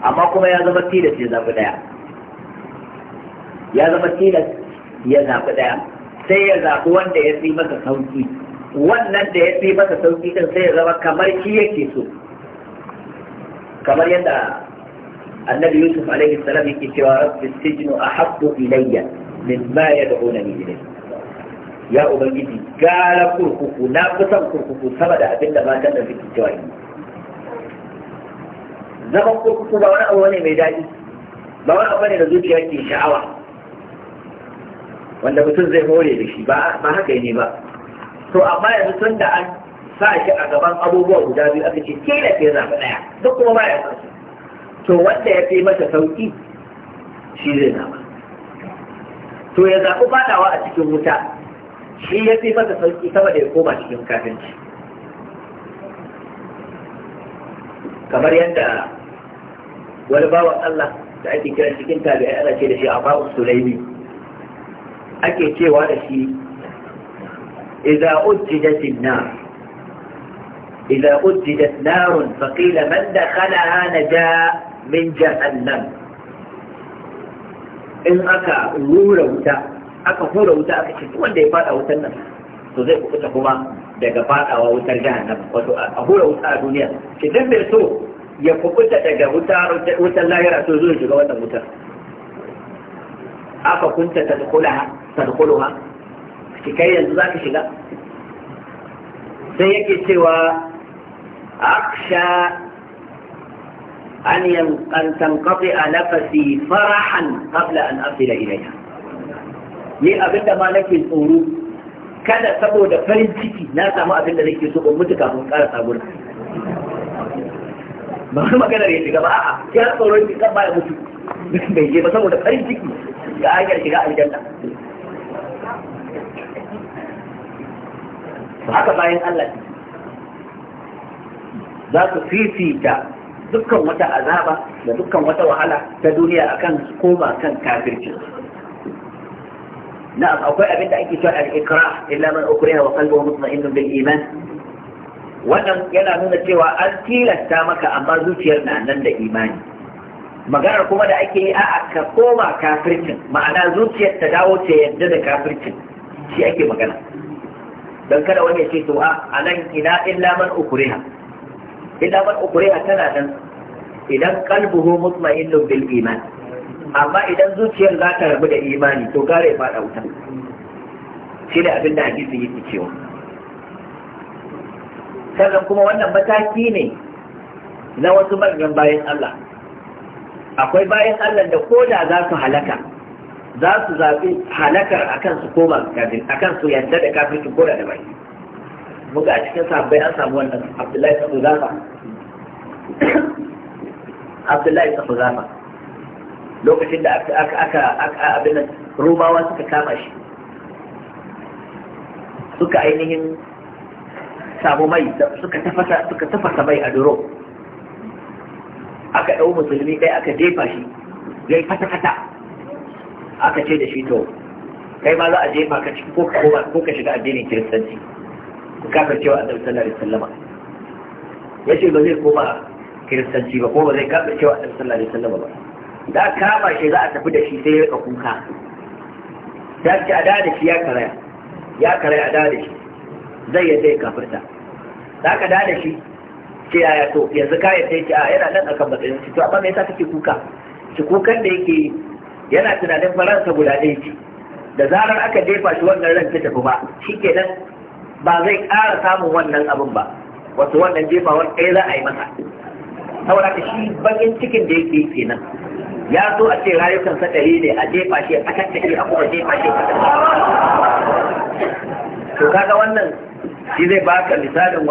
amma kuma ya zama tilas ya zaɓi ɗaya ya zama tilas ya zaɓi ɗaya sai ya zaɓi wanda ya fi masa sauki wannan da ya fi masa sauki din sai ya zama kamar shi yake so kamar yadda annabi yusuf alaihi salam yake cewa rabbi sijnu ahabbu ilayya ya mimma yad'unani ilayhi ya ubangiji gara kurkuku na kusan kurkuku saboda abin da matan da suke cewa yi zaman kurkuku ba wani abu ne mai daɗi ba wani abu ne da zuciya ke sha'awa wanda mutum zai hore da shi ba haka yi ne ba to amma yanzu tun da an sa shi a gaban abubuwa guda biyu aka ce kila ke zaɓi ɗaya duk kuma ba ya san to wanda ya fi masa sauƙi shi zai na to ya zaɓi fadawa a cikin wuta shi ya fi fata sauki saboda ya koma cikin kafinci kamar yadda wani bawan Allah da ake kiran cikin tabi'ai ana ce da shi a bawan sulaimi ake cewa da shi إذا أجدت النار إذا أجدت نار فقيل من دخلها نجا min jahannam in aka rura wuta aka hura wuta aka ce wanda ya fada wutan nan to zai kuɓuta kuma daga fadawa wutar jahannama wato a hura wuta a duniya ki dan so ya kuɓuta daga wutar lahira to zo shiga wannan wutar aka kunta tadkhulaha tadkhuluha ki kai yanzu zaka shiga sai yake cewa aksha أن أن تنقطع نفسي فرحا قبل أن أصل إليها abin da ma nake tsoro kada saboda farin ciki na samu abin da nake so ko mutu kafin ƙara sabon ba wani magana ya shiga ba a ya tsoro ki kan baya mutu bai je ba saboda farin ciki ga ayyar shiga aljanna haka bayan Allah za su fifita dukkan wata azaba da dukkan wata wahala ta duniya akan koma kan kafirci na'am akwai abin da ake cewa al-ikra illa man ukriha wa qalbuhu mutma'innun bil iman wannan yana nuna cewa an tilasta maka amma zuciyar na nan da imani maganar kuma da ake yi a'a ka koma kafircin ma'ana zuciyar ta dawo ta yadda da kafircin shi ake magana Don kada wani ya ce to a nan ina illa man ukriha Ilamar ukuriya a tana nan idan kalbuhu mutma'innun bil iman amma idan zuciyar za ta rabu da imani to gare da wuta shi ne abin da hadisi yake cewa sannan kuma wannan mataki ne na wasu manyan bayan Allah akwai bayan Allah da ko da za su halaka za su zaɓi halakar akan su koma kafin akan su yadda da kafin ko da bai muka a cikin sahabbai an samu wannan abdullahi ta huzafa abdullahi ta huzafa lokacin da aka aka aka abin nan rumawa suka kama shi suka ainihin samu mai suka tafasa suka tafasa mai a duro aka ɗau musulmi ɗaya aka jefa shi ya yi fata-fata aka ce da shi to kai ma za a jefa ka ciki ko ka shiga addinin kiristanci kafir cewa annabi sallallahu Sallama. Ya ce ba zai koma kiristanci ba ko ba zai kafir cewa annabi Sallar alaihi Sallama ba da kama shi za a tafi da shi sai ya kuka da ce a da shi ya karaya ya karaya a da shi zai yadda ya kafirta za ka da da shi ce ya to yanzu ka yadda ce a yana nan a kan matsayin shi to amma me yasa kake kuka shi kukan da yake yana tunanin faransa guda ɗaya ce da zarar aka jefa shi wannan ran ta tafi ba shi kenan ba zai ƙara samun wannan abin ba wato wannan jefawar ɗaya za a yi masa saboda ka shi bakin cikin da yake kenan ya zo a ce rayukan sa ɗari ne a jefa shi a kakkake a kuma jefa shi a kakkake to kaga wannan إذا بعد لسانه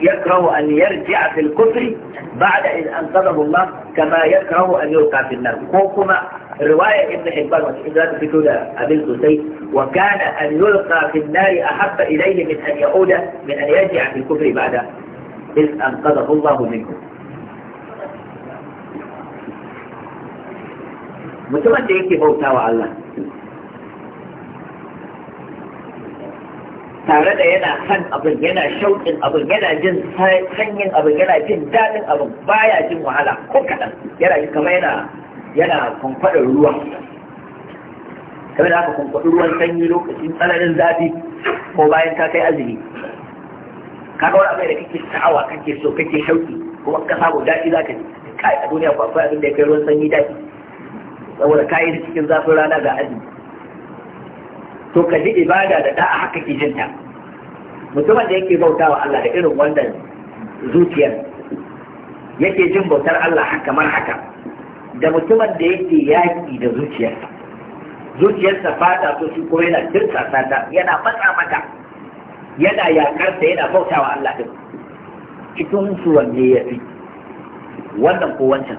يكره أن يرجع في الكفر بعد إن انقذه الله كما يكره أن يرقى في النار وكما رواية ابن حبان وإذن فتولة أبيل سيد وكان أن يلقى في النار أحب إليه من أن يعود من أن يرجع في الكفر بعد إذ أنقذه الله منه متى ما يكي بوتاوى على الله tare da yana san abin yana shauƙin abin yana jin sanyin abin yana jin daɗin abin baya jin wahala ko kaɗan yana kama yana yana kwankwaɗar ruwa kamar haka kwamfadar ruwan sanyi lokacin tsananin zafi ko bayan ka kai azumi ka ga wani abin da kake sha'awa kake so kake shauƙi kuma ka samu daɗi za ka ji kai a duniya ba akwai abin da ya kai ruwan sanyi daɗi saboda kayi cikin zafin rana ga azumi to ka ji ibada da da'a haka ke jinta mutumin da yake bautawa Allah da irin wannan zuciyar yake jin bautar Allah kamar haka da mutumin da yake yaƙi da zuciyarsa zuciyarsa fata to shi ko yana dirka sata yana matsa mata yana yakarta yana bautawa Allah din cikin su wanne ya fi wannan ko wancan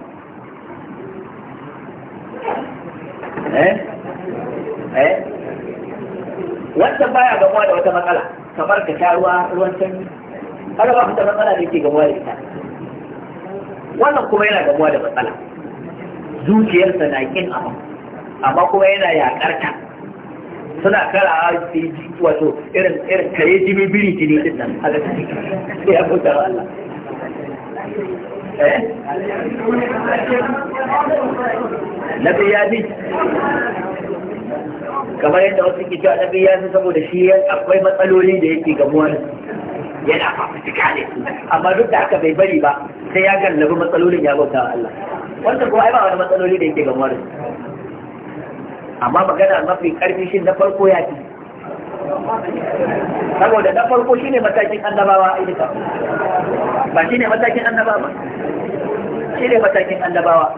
eh eh wancan baya gamuwa da wata matsala kamar ka sha ruwa ruwan sanyi Kada ba ta matsala da yake gamuwa da ita wannan kuma yana gamuwa da matsala zuciyarsa na kin abu amma kuma yana ta suna kara su yi wato irin irin kare jimi biri ne din nan a take ya bauta Allah eh? na ya ji kamar yadda wasu ke cewa nabi ya fi saboda shi akwai matsaloli da yake gamuwa da yana fafutuka ne amma duk da aka bai bari ba sai ya gallabi matsalolin ya bauta Allah Wanda kuma ai ba wani matsaloli da yake gamuwa da su amma magana mafi karfi shi na farko ya ce saboda na farko shine matakin annabawa ilika ba shine matakin annabawa ba shine matakin annabawa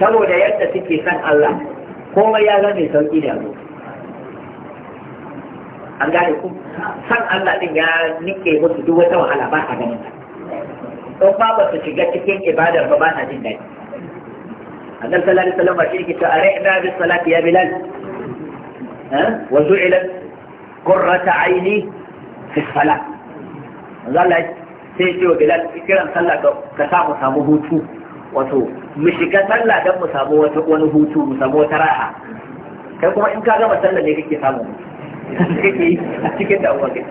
saboda yadda suke san Allah komai ya zama mai sauki da abu an gane ku san Allah din ya nike musu duk wata wahala ba a ganin ta ba ba su shiga cikin ibadar ba ba ta jin daɗi annabi sallallahu alaihi wasallam shi ke ta ara'na bis salati ya bilal eh? wa zu'ila qurrata aini fi salat Allah sai ce wa bilal kiran sallah ka samu samu hutu wato mu shiga sallah don mu samu wata wani hutu mu samu wata raha kai kuma in ka gama sallah ne kake samu kake yi a cikin da kai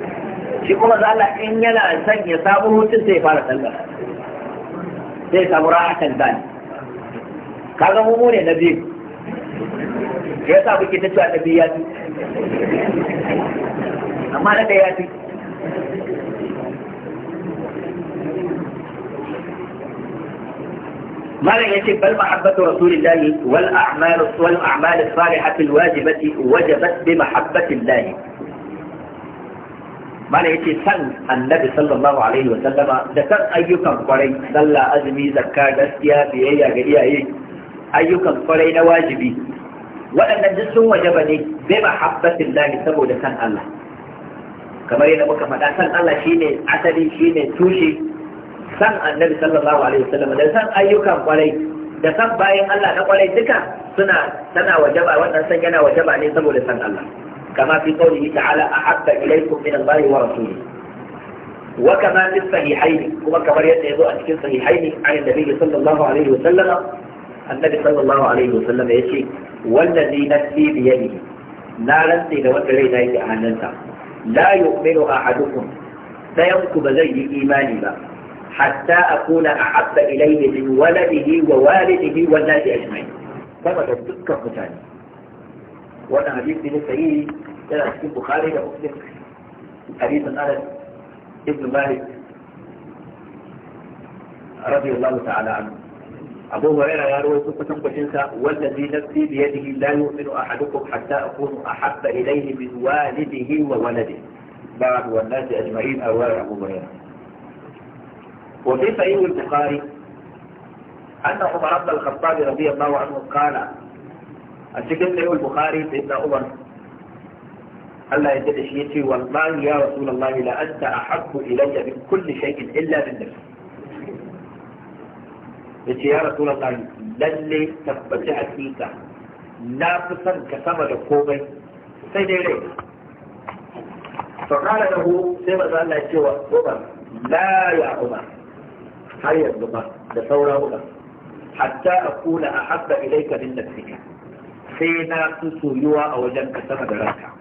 shi kuma za Allah in yana son ya samu hutun sai ya fara sallah sai samu raha kan rahatan Ka kaga mu ne na biyu ya sa kuke ta cewa na biyu ya fi amma na da ya fi malam yace bal mahabbatu rasulillahi wal a'malu wal a'malu salihati alwajibati wajabat bi mahabbatillahi mana ya ce san annabi sallallahu alaihi wa sallama da san ayyukan kwarai sallah azumi zakka gaskiya biyayya ga iyaye ayyukan kwarai na wajibi waɗannan duk sun wajaba ne bai mahabbatin lahi saboda san Allah kamar yadda muka faɗa san Allah shine asali shine tushe san annabi sallallahu alaihi wasallam da san ayyukan kwarai da san bayan Allah na kwarai duka suna tana wajaba wannan san yana wajaba ne saboda san Allah kama fi qawlihi ta'ala ahabba ilaykum min Allah wa rasulihi wa kama fi sahihaini kuma kamar yadda yazo a cikin sahihaini an annabi sallallahu alaihi wasallam annabi sallallahu alaihi wasallam yace wallazi nafsi bi yadihi na rantsi da wanda rai yake a hannunsa la yu'minu ahadukum dayanku ba zai yi imani ba حتى أكون أحب إليه من ولده ووالده والناس أجمعين كما تذكر مثالي وأنا حديث بن سعيد كان في البخاري ومسلم حديث أنس ابن مالك رضي الله تعالى عنه أبو هريرة يروي روي سكة بشنسة والذي نفسي بيده لا يؤمن أحدكم حتى أكون أحب إليه من والده وولده بعد والناس أجمعين أولا أبو هريرة وفي صحيح البخاري أن عمر بن الخطاب رضي الله عنه قال أشكل صحيح البخاري سيدنا عمر Allah ya daɗa shi ya ce wallahi ya rasu lallahi la anta ahabbu ilayya min kulli shay'in illa min nafsi ya ce na rasu lalle tabbaci hakika na fi son ka sama da komai sai dai rai fa qala lahu sai maza Allah ya wa Umar la ya Umar har yanzu ba da saura huɗa hatta a a haɗa ilaika din da nafsika sai na su soyuwa a wajen ka sama da ranka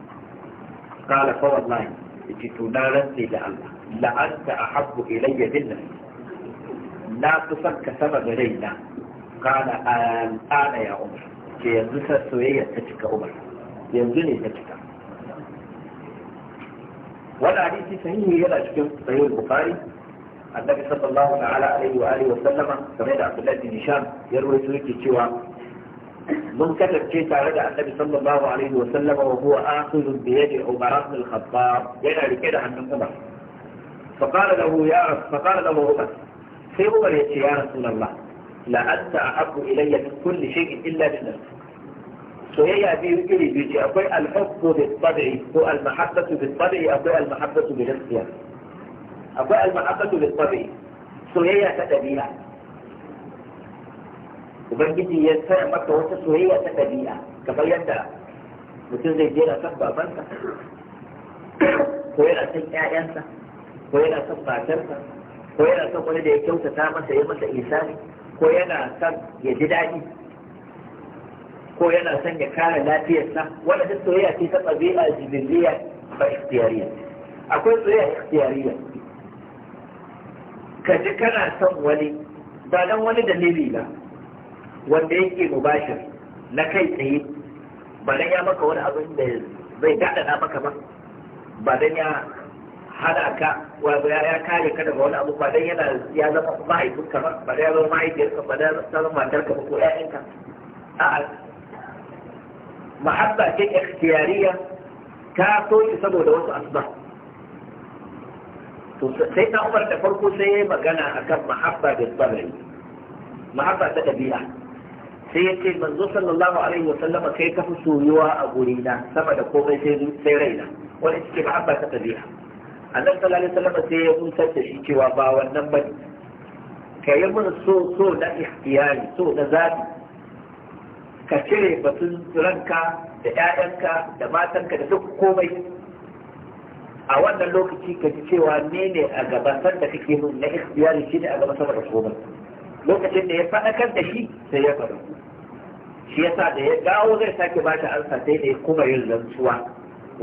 kala fa wallahi yace to na rantsi da Allah la anta ahabbu ilayya din nafsi na su son ka sama da raina an al'ana ya umar ke yanzu ta soyayya ta cika umar yanzu ne ta cika wannan hadisi sahihi yana cikin sahih bukhari annabi sallallahu alaihi wa alihi wa sallama kamar da عليه bin hisham ya يدعى yake cewa mun هشام tare da annabi sallallahu alaihi wa sallama wa huwa الله bi yadi umar ibn al-khattab yana rike da hannun umar fa فقال lahu ya fa فقال lahu umar sai Umar ya ce ya Rasulullah la anta ahabbu ilayya min kulli shay'in illa bi nafsi to yayi abi biyu ce akwai al-hubbu bi tabi'i ko al-mahabbatu bi tabi'i akwai al-mahabbatu bi nafsi akwai al-mahabbatu bil tabi soyayya ta dabi'a ubangiji ya tsaya maka wata soyayya ta dabi'a kamar yadda mutum zai jera san babansa ko yana san ƴaƴansa ko yana san matarsa ko yana san wani da ya kyautata masa ya masa isani ko yana san ya ji daɗi ko yana son ya kare lafiyarsa wanda soyayya ce ta ɗabi'a jibiliya ba ikhtiyariya akwai soyayya ikhtiyariya ka ji kana son wani ba dan wani dalili ba wanda yake mubashir na kai tsaye ba dan ya maka wani abin da zai dadada maka ba ba dan ya hada ka ya kare ka daga wani abu ba dan yana ya zama mahaifinka ba ba dan ya zama mahaifiyarka ba dan ya zama matarka ba ko ƴaƴanka a'a mahabba ce ikhtiyariya ka so saboda wasu asbab to sai dan umar da farko sai ya yi magana a kan mahabba da sabri mahabba ta dabi'a sai ya ce manzo sallallahu alaihi wa sallama kai ka fi soyuwa a guri na sama da komai sai sai raina wani cikin mahabba ta dabi'a annabi sallallahu alaihi wa sallama sai ya mutar da shi cewa ba wannan ba ne. ka yi mana so so na ihtiyari so na zabi ka cire batun ranka da ƴaƴanka, da matanka da duk komai a wannan lokaci ka ji cewa ne ne a gaban sanda kake mun na ikhtiyari shi ne a gaban sama da komai lokacin da ya faɗakar da shi sai ya faru. shi yasa da ya dawo zai sake ba shi ansa sai ne kuma yin rantsuwa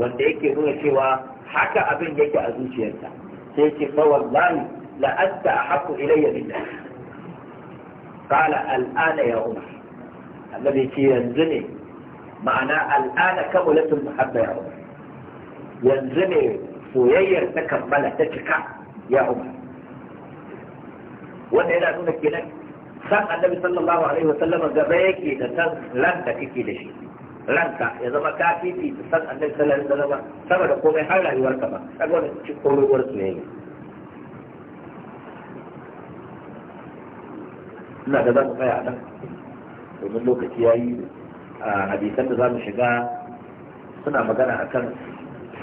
wanda yake nuna cewa haka abin yake a zuciyarsa sai yake fa wallahi la anta ahaqqu ilayya min qala al'ana ya umar annabi ce yanzu ne ma'ana al'ana kamulatul muhabba ya umar yanzu ne soyayyar ta kammala ta cika ya umar wanda yana nuna kenan san annabi sallallahu alaihi wasallam gaba yake da san ran da kake da shi ranka ya zama ka fifi da san annabi sallallahu alaihi wasallam saboda komai har rayuwar ka ba kaga wannan cikin komai soyayya ina da za tsaya nan domin lokaci yayi a hadisan da zamu shiga suna magana akan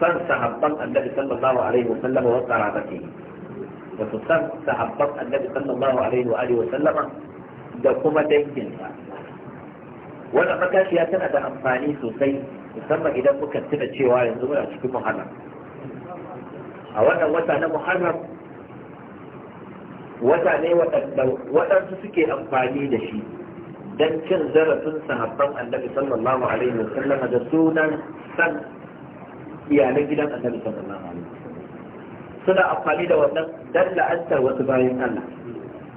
san sahabban annabi sallallahu alaihi wa sallama wa sahabati da su san sahabban annabi sallallahu alaihi wa alihi wa sallama da kuma danginsa wannan matashiya tana da amfani sosai musamman idan muka tuna cewa yanzu muna cikin muharram a wannan wata na muharram wata ne waɗansu suke amfani da shi don cin zarafin sahabban annabi sallallahu alaihi sallama da sunan san iyalan gidan annabi sallallahu alaihi suna amfani da wannan dan la'antar wasu bayan Allah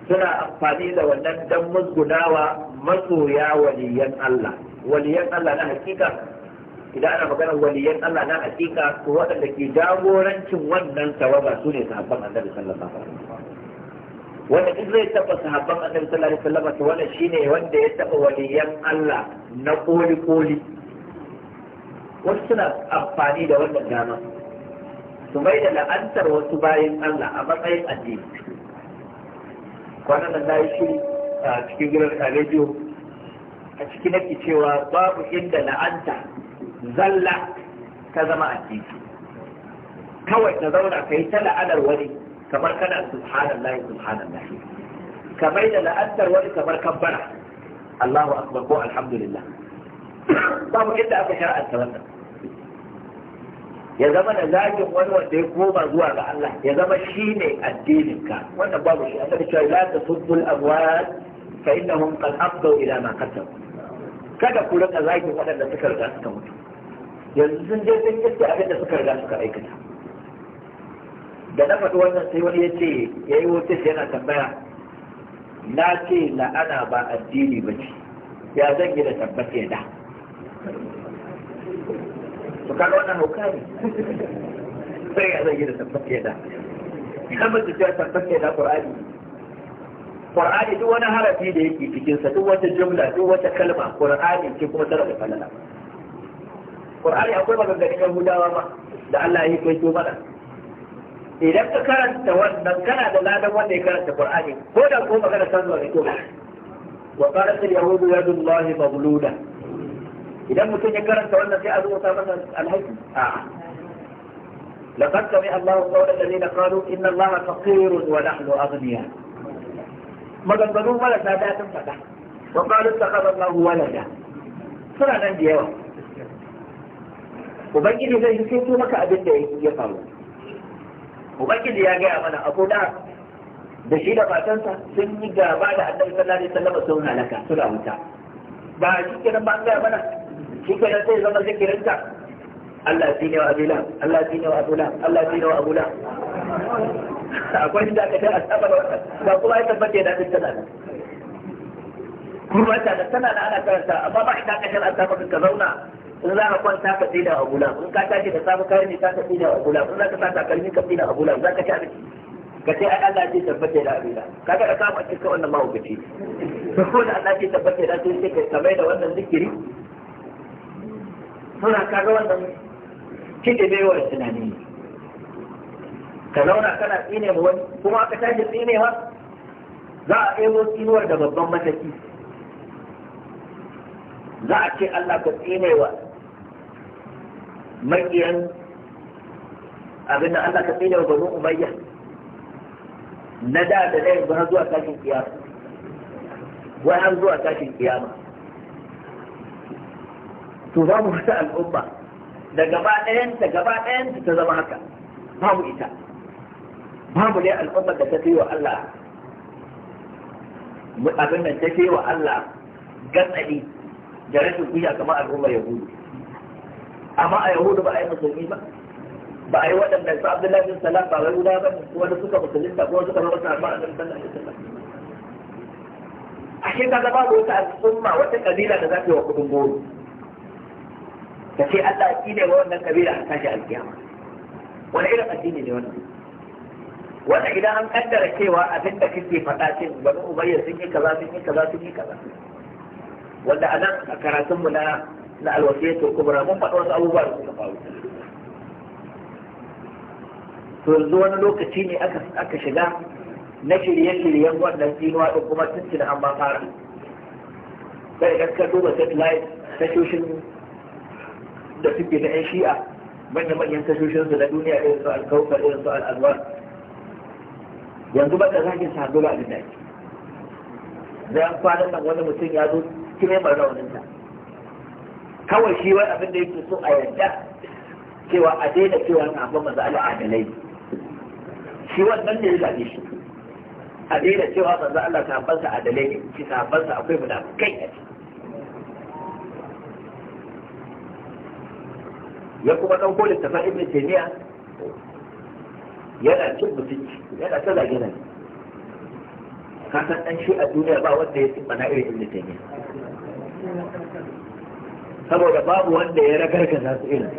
suna amfani da wannan dan musgunawa masoya waliyan Allah waliyan Allah na hakika idan ana magana waliyan Allah na hakika to waɗanda ke jagorancin wannan tawaga su ne sahabban annabi sallallahu alaihi wasallam wanda duk zai taɓa sahabban annabi sallallahu alaihi wasallam to wannan shine wanda ya taɓa waliyan Allah na koli koli wasu suna amfani da wannan dama su mai da la'antar wasu bayan Allah a matsayin addini kwanan da yi shiri a cikin gidan radio a cikin nake cewa babu inda la'anta zalla ta zama addini kawai ta zauna ka yi ta la'anar wani kamar kana subhanallah, subhanallahi kamar da la'antar wani kamar kabbara Allahu akbar ko alhamdulillah babu inda aka shar'anta wannan ya zama da zagin wani wanda ya koma zuwa ga Allah ya zama shi ne addininka wannan babu shi annabi cewa la tasuddul amwal fa innahum qad afdaw ila ma qaddam kada ku rika zagin waɗanda suka riga suka mutu yanzu sun je sun iske abin da suka riga suka aikata da na faɗi wannan sai wani ya ce ya yi wata yana tambaya na ce la'ana ba addini ba ce ya zan yi da tabbace da kaga wannan hauka ne sai ya zai da tabbata ya da kamar da ta tabbata ya da ƙur'ani. Ƙur'ani duk wani harafi da yake cikinsa duk wata jumla duk wata kalma qur'ani ce kuma tara da falala Ƙur'ani akwai maganganun yahudawa ma da Allah ya kai to mana idan ka karanta wannan kana da ladan wanda ya karanta ƙur'ani ko da ko magana ta zuwa ne ba wa qalat yahudu yahudu yadullahi maghluda idan mutum ya karanta wannan sai a rubuta masa alhaji a'a لقد سمع الله inna الذين قالوا إن الله فقير ونحن أغنياء maganganu marasa datin faɗa wa ƙalin sakarar lahu walada suna nan da yawa ubangiji zai yi sai maka abin da ya faru ubangiji ya gaya mana abu da da shi da matansa sun yi gaba da annabi sallallahu alaihi wasallam sun halaka suna wuta ba shi kenan ba an gaya mana shi kenan sai zama zikirinka Allah fi ne wa abula Allah fi ne wa abula Allah fi ne wa abula akwai da aka tara sabar wannan ba kuma ya tabbata da dukkan nan kurwa ta tana da ana karanta amma ba ita kashin an saba ka zauna in za ka kwanta ka tsina a gula in ka tashi da safe kayan ne ka ka tsina a gula in za ka sa takalmi ka tsina a gula za ka ci abinci ka ce ai Allah ce tabbata da abila kaga ka samu a cikin wannan mahaukaci saboda Allah ce tabbata da sai ka mai da wannan zikiri suna kaga wannan kike bai wa tunani ka zauna kana tsine mu wani kuma aka tashi tsinewa za a ɗebo tsinuwar da babban mataki za a ce Allah ka tsine wa maƙiyan abin da Allah ka tsine wa banu umayya na da da na zuwa tashin kiyama wai har zuwa tashin kiyama to mu wata al'umma da gaba ɗayan ta gaba ɗayan ta ta zama haka babu ita babu ne al'ummar da ta fi wa Allah abin da ta fi wa Allah gatsali da rashin kuya kamar al'ummar Yahudu amma a Yahudu ba a yi musulmi ba ba a yi waɗanda su Abdullahi bin Salam ba wai guda ba wanda suka musulunta ko suka rawar sa ba a nan sallallahu alaihi wasallam a shekara babu wata al'umma wata kabila da za ta yi wa kudin goro ka ce Allah shi ne wa wannan kabila a tashi alkiyama wani irin addini ne wannan wannan idan an kaddara cewa abin da kake faɗa cin bani umayya sun yi kaza sun yi kaza sun yi kaza wanda a nan a karatunmu na na alwasiyatu kubra mun faɗa wasu abubuwa da suka faru to yanzu wani lokaci ne aka shiga na shirye-shiryen wannan tsinuwa ɗin kuma tuntuna an ba fara sai ka duba satellite tashoshin da suke da 'yan shi'a manyan manyan su na duniya irin su alkawfar irin su al'adwa yanzu ba da zagin sabo ba abin da ake zan kwanan nan wani mutum ya zo kiremar rauninta kawai shi wai abin da yake so a yarda cewa a daina cewa na ba maza al'adalai shi wannan ne ya zaɓe shi a daina cewa maza Allah sahabbansa adalai ne shi sahabbansa akwai munafikai a ciki ya kuma ɗauko littafin ibn taymiya yana cin mutunci yana ta zage zage ka san ɗan shi a duniya ba wanda ya tsibba na irin ibn taymiya saboda babu wanda ya ragargaza su irin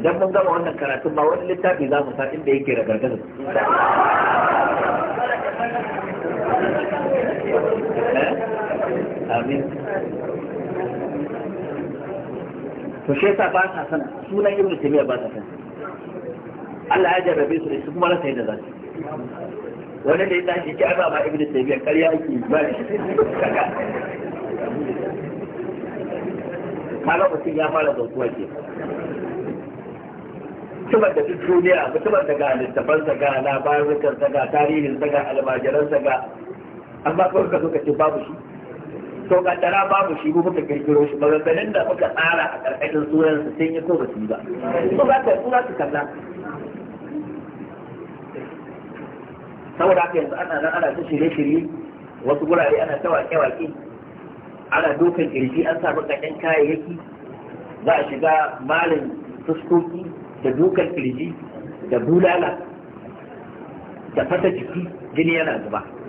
idan mun gama wannan karatun ba wani littafi za mu sa inda yake ragargaza eh? amin to shi yasa ba sa san sunan ibnu taymiya ba sa san Allah ya jarrabe su su kuma rasa yadda za su wani da ya tashi ki ba ma ibnu taymiya ƙarya yake ba kaga mutum ya fara zautuwa ke mutumar da duk duniya mutumar da ga littafansa ga labarinsa ga tarihin ga almajiran ga amma kawai ka zo ka ce babu shi to tara babu shi ko muka kirkiro shi maganganun da muka tsara a karkashin suran su sun yi ko ba su yi ba ko za ka su su kalla saboda haka yanzu ana nan ana ta shirye-shirye wasu gurare ana ta wake-wake ana dokan kirji an samu kaɗan kayayyaki za a shiga malin fuskoki da dukan kirji da bulala da fata jiki jini yana zuba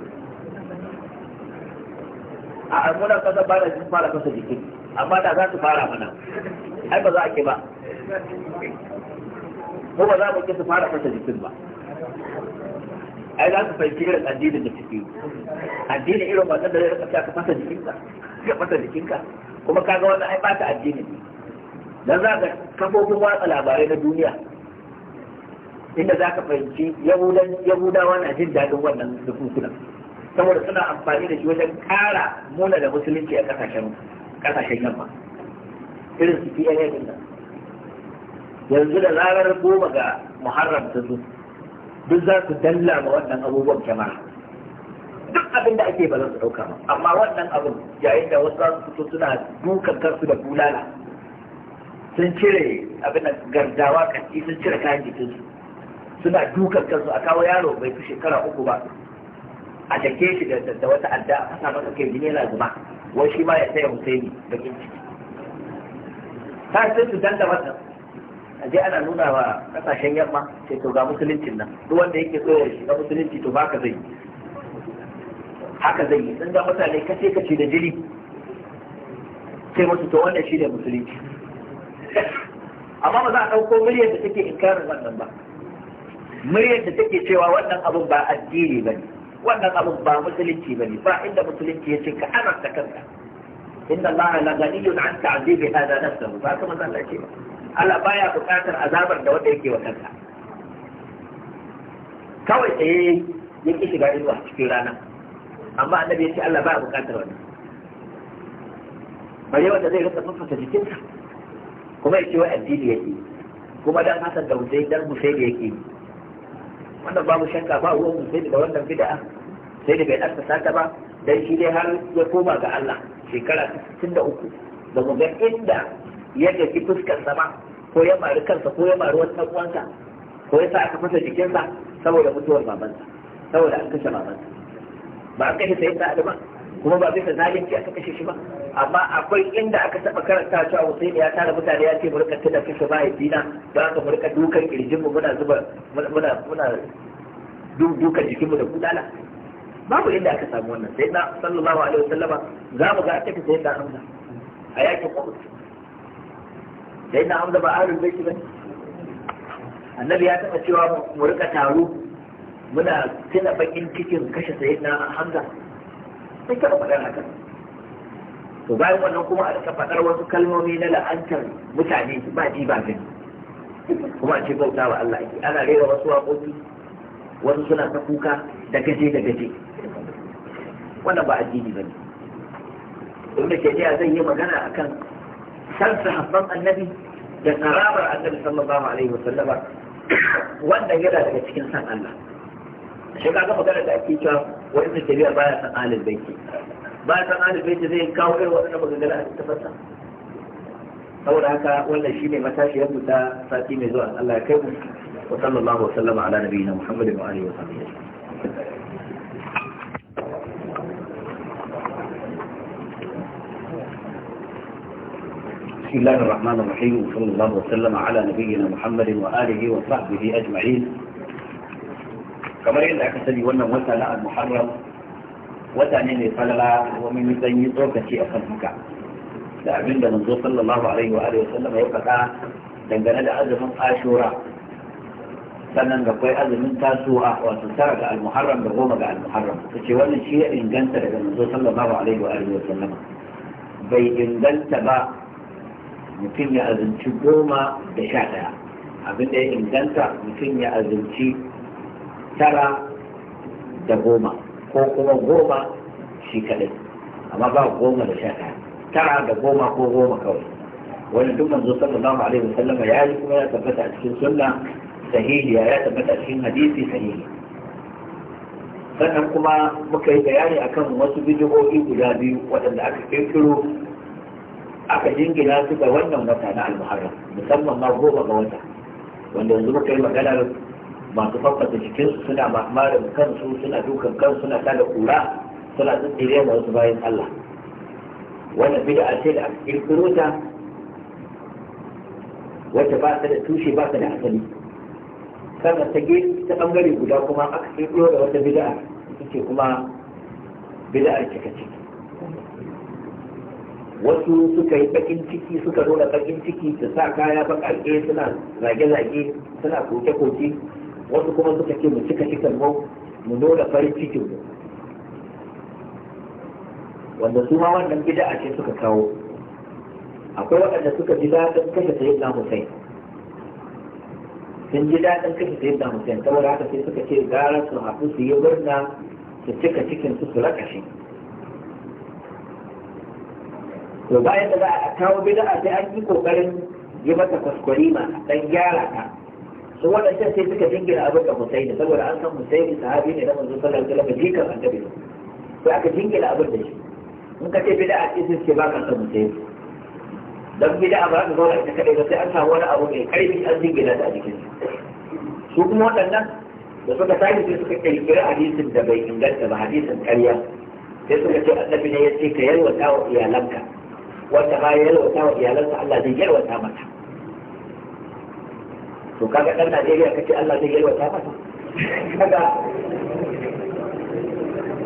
a muna kasa ba da sun fara kasa jikin amma da za su fara mana ai ba za a ke ba ko ba za mu ke su fara kasa jikin ba ai za su fahimci irin addinin da ciki yi addinin irin wannan da zai rika ka fasa jikinka ka fasa jikinka kuma kaga wannan ai bata addinin dan za ka kafofin watsa labarai na duniya inda za ka fahimci yahudawa na jin daɗin wannan da rukunan saboda suna amfani da shi wajen kara muna da musulunci a kasashen kasashen yamma irin su ne din nan yanzu da zarar goma ga Muharram ta zo duk za su dalla ma wannan abubuwan kyamara duk abin da ake ba za su ɗauka ba amma wannan abin yayin da wasu za su fito suna dukan kansu da bulala sun cire abin da gardawa kan sun cire kayan jikinsu suna dukan kansu a kawo yaro bai fi shekara uku ba a dake shi da wata adda a kasa masa kai jini yana zuma wai shi ma ya sai Husaini da kinci ta sai su danda masa a je ana nuna wa kasashen yamma ce to ga musuluncin nan duk wanda yake so ya shiga musulunci to baka zai haka zai yi sun ga mutane kace kace da jini sai musu to wannan shi ne musulunci [laughs] amma ba za a ɗauko muryar da take inkarin wannan ba muryar da take cewa wannan abun ba addini ba ne wannan abin ba musulunci ba ne, ba inda musulunci ya ce ka haramta kanka inna allaha la da an ta'dibi hada nafsahu ba kuma Allah ce Allah baya buƙatar azabar da wanda yake wa kanka kawai ya yake shiga ruwa cikin rana amma annabi ya ce Allah baya buƙatar wannan bare wanda zai rasa fafasa jikinsa kuma ya ce wa addini yake kuma dan Hassan da Hussein dan Hussein yake wannan babu shakka ba ruwan mu sai da wannan bid'a sai da bai asasa ta ba dan shi dai har ya koma ga Allah shekara 63 ba mu ga inda ya tafi fuskar sama ko ya mari kansa ko ya mari wata uwanka, ko ya sa aka fasa jikinsa saboda mutuwar babansa saboda an kashe babansa ba an kashe sayyidina Adam ba kuma ba bisa zalunci aka kashe shi ba amma akwai inda aka taba karanta cewa wasu ya tara mutane ya ce mu rika tuna kashe dina don haka mu rika dukan kirjinmu muna zuba muna muna dukan jikinmu da kudala babu inda aka samu wannan sai na sallallahu alaihi wasallama za mu ga aka sai na Hamza a yakin Uhud sai na Hamza ba ahlul baiti ba annabi ya taba cewa mu rika taro muna tuna bakin cikin kashe na Hamza sai ka faɗa kan to bayan wannan kuma a rika faɗar wasu kalmomi na la'antar mutane ba ji ba gani kuma a ce bauta wa Allah ake ana rera wasu waƙoƙi wasu suna ta kuka da gaje da gaje wannan ba addini bane inda ke zai yi magana akan san sahabban annabi da tsarabar annabi sallallahu alaihi wasallama wannan yana daga cikin san Allah شجع ده مدار التأكيد وإذن الكبير بقى يسمع البيت بقى يسمع البيت زي الكاو إيه وإنه بقى لها ولا شيء من متاش يبدو ده فاتيم الله يكبر وصلى الله وسلم على نبينا محمد وعلى وصحبه أجمعين بسم الله الرحمن الرحيم وصلى الله وسلم على نبينا محمد وآله وصحبه أجمعين kamar yadda aka sani wannan wata na al-muharram wata ne mai falala wa mun yi tsokaci a kan haka da abin da manzo sallallahu alaihi wa alihi wasallam ya faɗa dangane da azumin ashura sannan da kwai azumin tasuwa wato tara ga al-muharram da goma ga al-muharram kace wannan shi ya inganta daga manzo sallallahu alaihi wa alihi wasallam bai inganta ba mutum ya azumci goma da sha ɗaya abin da ya inganta mutum ya azumci tara da goma ko kuma goma shi kaɗai amma ba goma da sha tara da goma ko goma kawai wani duk manzo sallallahu alaihi wasallam ya yi kuma ya tabbata a cikin sunna sahihiya ya tabbata a cikin hadisi sahihi sannan kuma muka yi bayani akan wasu bidiyoyi guda biyu waɗanda aka kirkiro aka jingina su ga wannan wata na almuharram musamman ma goma ga wata wanda yanzu muka yi magana masu fafata jikinsu suna mamarin kansu suna dukan kansu suna tada kura suna tsitsire da wasu bayan Allah wanda bid'a ce da aka kirkiro ta wacce ba ta da tushe ba ta da asali sannan ta gefe ta bangare guda kuma aka kirkiro da wata bid'a ita ce kuma bid'ar cika ciki wasu suka yi bakin ciki suka nuna bakin ciki su sa kaya baƙaƙe suna zage-zage suna koke-koke wasu kuma suka ce mu cika cikin mu mu nuna farin cikin mu wanda su ma wannan a ce suka kawo akwai waɗanda suka ji daɗin kashe sayyid na Hussein sun ji daɗin kashe sayyid na Hussein saboda haka sai suka ce gara su haɗu su yi murna su cika cikin su su rakashe to bayan da za a kawo a sai an yi kokarin yi mata kwaskwarima dan gyara ta su waɗancan sai suka jingina abin da Husaini saboda an san Husaini sahabi ne da manzo sallallahu alaihi wasallam jikan annabi ne sai aka jingina abin da shi in ka ce bid'a ce sai ce baka san Husaini dan bid'a ba ta zauna ita kadai ba sai an samu wani abu mai karfi an jingina ta a jikin su kuma waɗannan da suka tashi sai suka kirkiri hadisin da bai inganta ba hadisin ƙarya sai suka ce annabi ne ya ce ka yalwata wa iyalanka wata ba ya yalwata wa iyalanka Allah zai yalwata mata to kaga dan Najeriya kace Allah zai yalwata masa kaga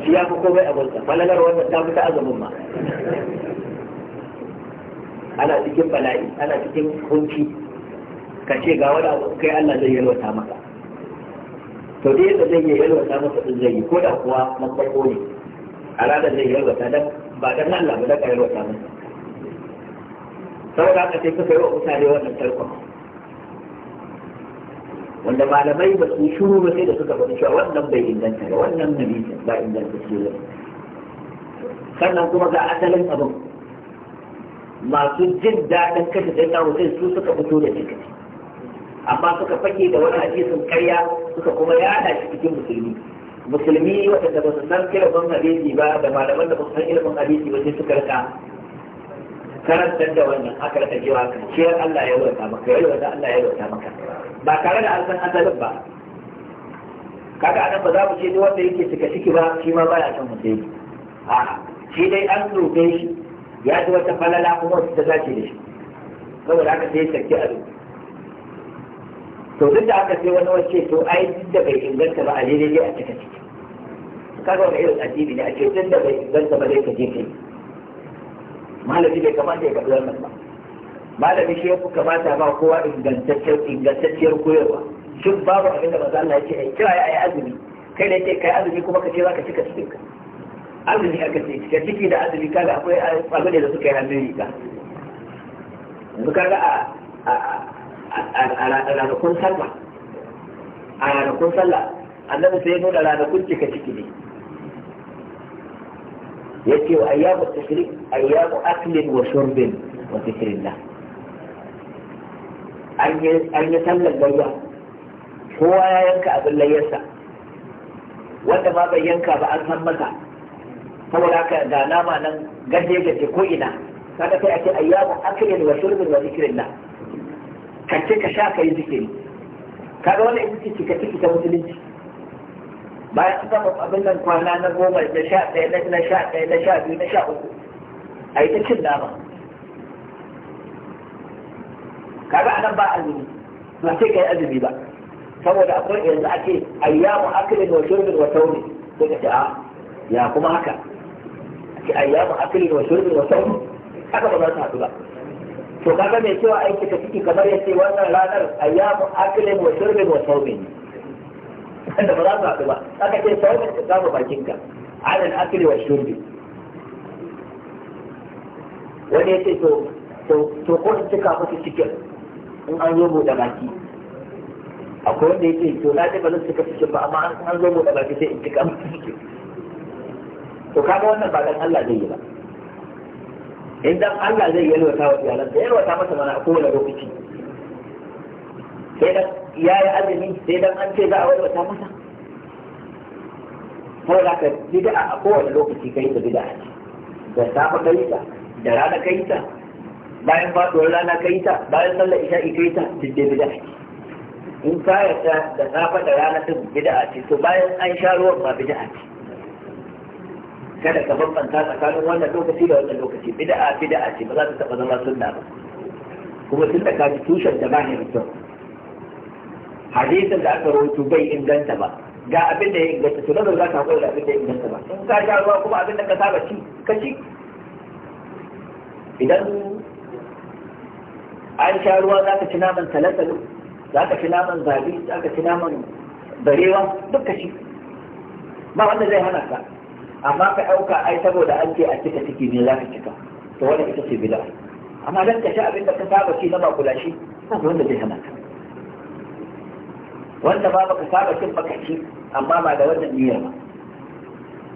shi ya fi komai abinsa falalar wannan ta fita azumin ma ana cikin bala'i ana cikin kunci ka ce ga wani abu kai Allah zai yalwata maka to dai yadda zai yalwata maka din zai yi ko da kuwa na farko ne a ranar zai yalwata dan ba dan Allah ba da ka yalwata masa saboda haka ce suka yi wa mutane wannan tarkon wanda malamai ba su shuru ba sai da suka faɗi cewa wannan bai inganta ba wannan nabi ba inganta shi ba sannan kuma ga asalin abin masu jin daɗin kashe sai na hussein su suka fito da shi amma suka fake da wani hadisin karya suka kuma yada shi cikin musulmi musulmi waɗanda ba su san ilimin hadisi ba da malaman da ba su san ilimin hadisi ba sai suka rika karantar da wannan aka rasa cewa kanciyar Allah ya yalwata maka ya yalwata Allah ya yalwata maka ba tare da alfan asalin ba kaga anan ba za mu ce wanda yake cika ciki ba shi ma baya son mu sai a shi dai an dube shi ya ji wata falala kuma wata ta dace da shi saboda haka sai ya saki a to duk da haka sai wani wace to ai duk da bai inganta ba a daidai a cika ciki kaga wani irin addini ne a ce duk da bai inganta ba zai ka je kai malami bai kamata ya faɗi wannan ba malami shi ya fi kamata ba kowa ingantacciyar koyarwa shin babu abin da maza Allah ya ce ai kira ya yi azumi kai ne ce kai azumi kuma ka ce za ka cika cikin ka azumi aka ce cika ciki da azumi kaga akwai abin da suka yi hannun riga yanzu kaga a ranakun sallah a ranakun sallah annabi sai ya nuna ranakun cika ciki ne yace wa ayyamu tashrik ayyamu aklin wa shurbin wa zikrillah an an yi sallar layya kowa ya yanka abin layyarsa wanda ma bai yanka ba an san masa saboda haka ga nama nan gaje gaje ko ina kaga sai ake ayyamu aklin wa shurbin wa zikrillah ka ce ka sha ka yi zikiri kaga wannan ita ce ka ciki ta musulunci bayan an gama abin nan kwana na goma na sha ɗaya na sha ɗaya na sha biyu na sha uku a yi ta cin nama kaga anan ba azumi ba sai kai azumi ba saboda akwai yanzu ake ayyamu aklin wa shurbin wa tauni sai ka ce a ah, ya kuma haka ake ayyamu aklin wa shurbin wa tauni haka ba za su haɗu ba to kaga mai cewa aiki ka ciki kamar yace wannan ranar ayyamu aklin wa shurbin wa tauni da ba za su haɗu ba aka ce sau da ka kama bakinka alal akli wa shurbi wani ya ce to to ko in cika musu cikin in an zo buɗe baki akwai wanda ya ce to na ce ba zan cika cikin ba amma an zo buɗe baki sai in cika musu cikin to kaga wannan ba dan Allah zai yi ba in dan Allah zai yalwata wa iyalansa yalwata masa mana a kowane lokaci sai da ya yi azumi sai dan an ce za a wata masa ko za ka bida a kowane lokaci kai da bida da safa kai ta da rana kai ta bayan faduwar rana kai ta bayan sallar isha'i kai ta duk dai bida in ka yarda da safa da rana ta bida ce to bayan an sha ruwan ma bida ce kada ka bambanta tsakanin wannan lokaci da wannan lokaci bid'a bid'a ce ba za ta taba zama sunna ba kuma tun da ka ji tushen da ba ne mutum hadisin da aka rubutu bai inganta ba ga abin da ya inganta to nan za ka hakuri da abin da ya inganta ba in ka sha ruwa kuma abin da ka saba ci ka ci idan an sha ruwa za ka ci naman talatalu za ka ci naman zabi za ka ci naman barewa duk ka ci ba wanda zai hana ka amma ka ɗauka ai saboda an ce a cika ciki ne za ka cika to wani ita ce bila amma dan ka sha abin da ka saba ci na makulashi ba wanda zai hana ka wanda ba baka saba cin baka amma ba da wannan niyyar ba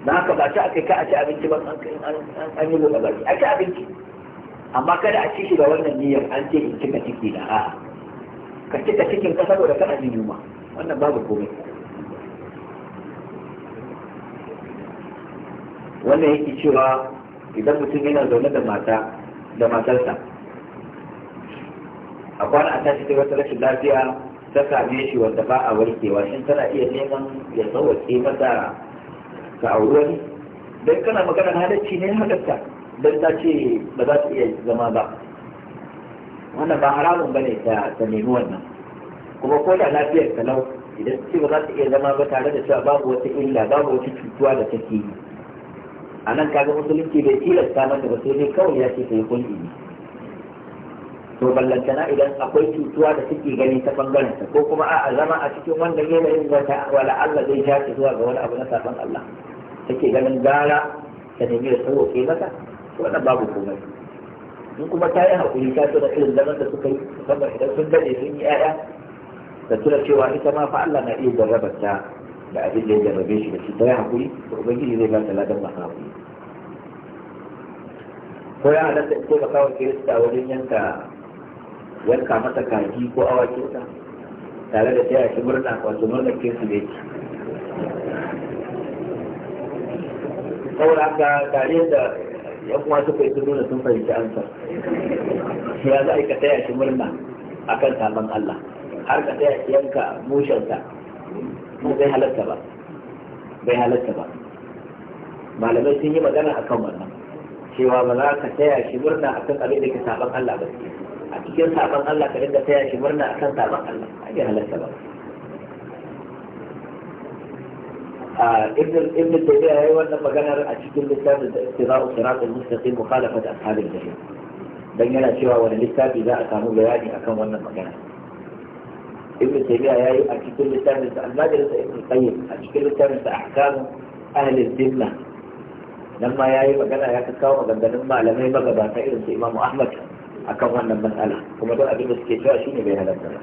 na haka ba ci akai ka a ci abinci ba an yi lura baki a ci abinci amma kada a ci shi da wannan niyyar an ce in cika ciki da a'a ka cika cikin ka saboda kana jin yunwa wannan babu komai wannan yake cewa idan mutum yana zaune da mata da matarsa a kwana a tashi ta wata rashin lafiya ta same shi wanda ba a warkewa shin tana iya neman ya tsawace mata ga aure ne? dan kana magana halacci ne halatta dan ta ce ba za ta iya zama ba wannan ba haramun bane ta ta nemi wannan kuma ko da lafiyar ta lau idan ce ba za ta iya zama ba tare da cewa babu wata illa babu wata cutuwa da take yi a nan kaga musulunci bai tilasta mata ba sai dai kawai ya ce ta yi kulli ne to ballantana idan akwai cutuwa da suke gani ta bangaren ta ko kuma a zama a cikin wannan yanayin wata wala Allah zai ja ta zuwa ga wani abu na sabon Allah take ganin gara ta nemi da sauke mata wannan babu komai in kuma ta yi hakuri ta tuna irin zaman da suka yi musamman idan sun dade sun yi 'ya'ya da tuna cewa ita ma fa Allah na iya jarrabar ta da abin da ya jarrabe shi da shi ta yi hakuri to ubangiji zai ba ta ladan masu haƙuri. ko ya halatta in taimaka wa kirista wajen yanka wanka masa kaji ko awakinsa tare da taya shi murna wato murna kirsu da yake saboda haka tare da yan kuma suka yi nuna sun fahimci ansa ya za a yi ka taya shi murna a kan sabon Allah har ka taya shi yanka mushensa mu bai halatta ba bai halatta ba malamai sun yi magana akan wannan cewa ba za ka taya shi murna akan abin da ke sabon Allah ba a cikin sabon Allah ka dinga taya shi murna a kan sabon Allah a ga halatta ba a ibn ibn tabi'a yayin wannan maganar a cikin littafi da istira'u siratul mustaqim mukhalafat ashabil jahil dan yana cewa wani littafi za a samu bayani akan wannan magana ibn tabi'a yayi a cikin littafi al-madar da ibn qayyim a cikin littafi da ahkam ahlil dinna nan ma yayi magana ya kawo maganganun malamai magabata irin su imamu ahmad akan wannan matsala kuma duk abin da suke cewa ne bai halatta ba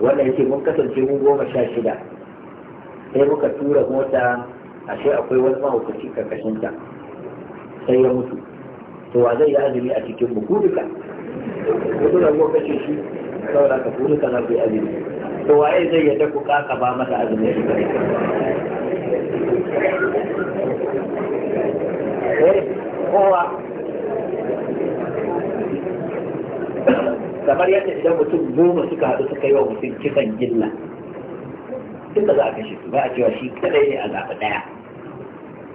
wannan yake mun kasance mun goma sha shida sai muka tura mota ashe akwai wani mahaukaci karkashin ta sai ya mutu to wa zai yi azumi a cikin mu kuduka kudu da lokaci shi saboda ka kuduka na bai azumi to waye zai yadda ku kaka ba masa azumi shi ba eh, kowa kamar yadda idan mutum goma suka haɗu suka yi wa mutum kisan gilla duka za a kashe su ba a cewa shi kadai ne a zaɓi ɗaya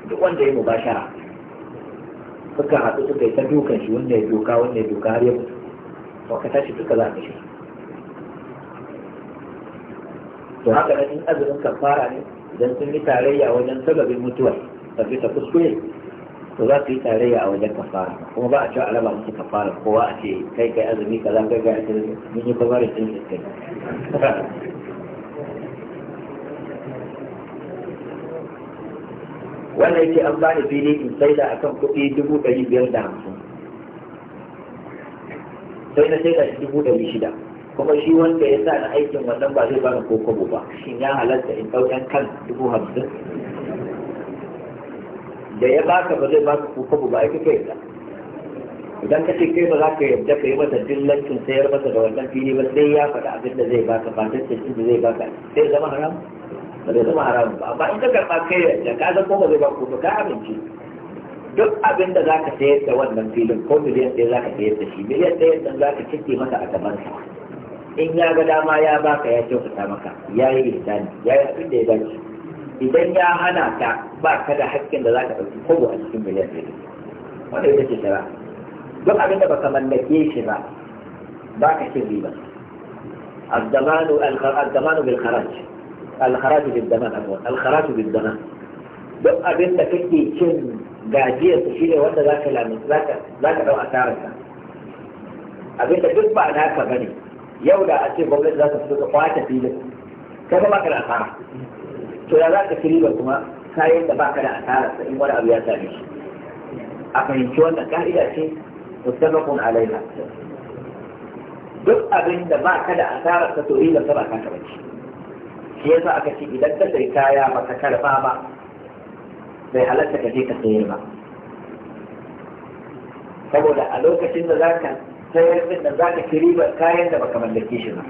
duk wanda ya mubashara suka haɗu suka yi ta dukan shi wanda ya doka wanda ya doka har ya mutu to ka tashi duka za a kashe to haka nan in azumin fara ne idan sun yi tarayya wajen sababin mutuwa tafi ta kuskure to za su yi tarayya a wajen kafara kuma ba a cewa alama musu kafara kowa a ce kai kai azumi ka ga ga ta mun yi kafara sun yi kai [laughs] wannan yake an bani fili in sai da akan kuɗi dubu ɗari biyar da hamsin sai na sai da shi dubu ɗari shida kuma shi wanda ya sa na aikin wannan ba zai bani ko kwabo ba shin ya halatta in ɗaukan kan dubu hamsin da ya baka ba zai baka kuka ba ai kuka yadda idan ka ce kai ba za ka yadda ka yi masa dillancin sayar masa da wannan fili ba sai ya faɗa abin da zai baka fatancin da zai baka sai zama haram ba zai zama haram ba amma in ka karɓa kai yadda ka san ko ba zai baka kuka ka amince duk abin da za ka sayar da wannan filin ko miliyan ɗaya za ka sayar da shi miliyan ɗaya ɗin za ka cike masa a gaban sa in ya ga dama ya baka ya kyautata maka ya yi ihsani ya yi abin da ya dace idan ya hana ka ba ka da haƙƙin da za ka ɗauki kobo a cikin miliyan ɗaya wanda ita ce shara duk abin da baka mallake shi ba ba ka cin riba الضمان الضمان بالخراج الخراج بالضمان عفوا الخراج بالضمان duk abin da kake cin gajiyar su shine wanda za ka lamu za ka dau asarar ka abin duk ba naka bane yau da a ce gwamnati za ta fito ka filin ba ka to ya za ka ci ribar kuma kayan da baka da asara in wani abu ya same shi a fahimci wannan ka'ida ce mutabakun alaiha duk abin da ba ka da asarar sa to ribar ta ba ka taɓa ci shi yasa aka ce idan ka sai kaya ba ka karɓa ba bai halatta ka je ka sayar ba saboda a lokacin da za ka sayar din da za ka ci ribar kayan da baka mallake shi ba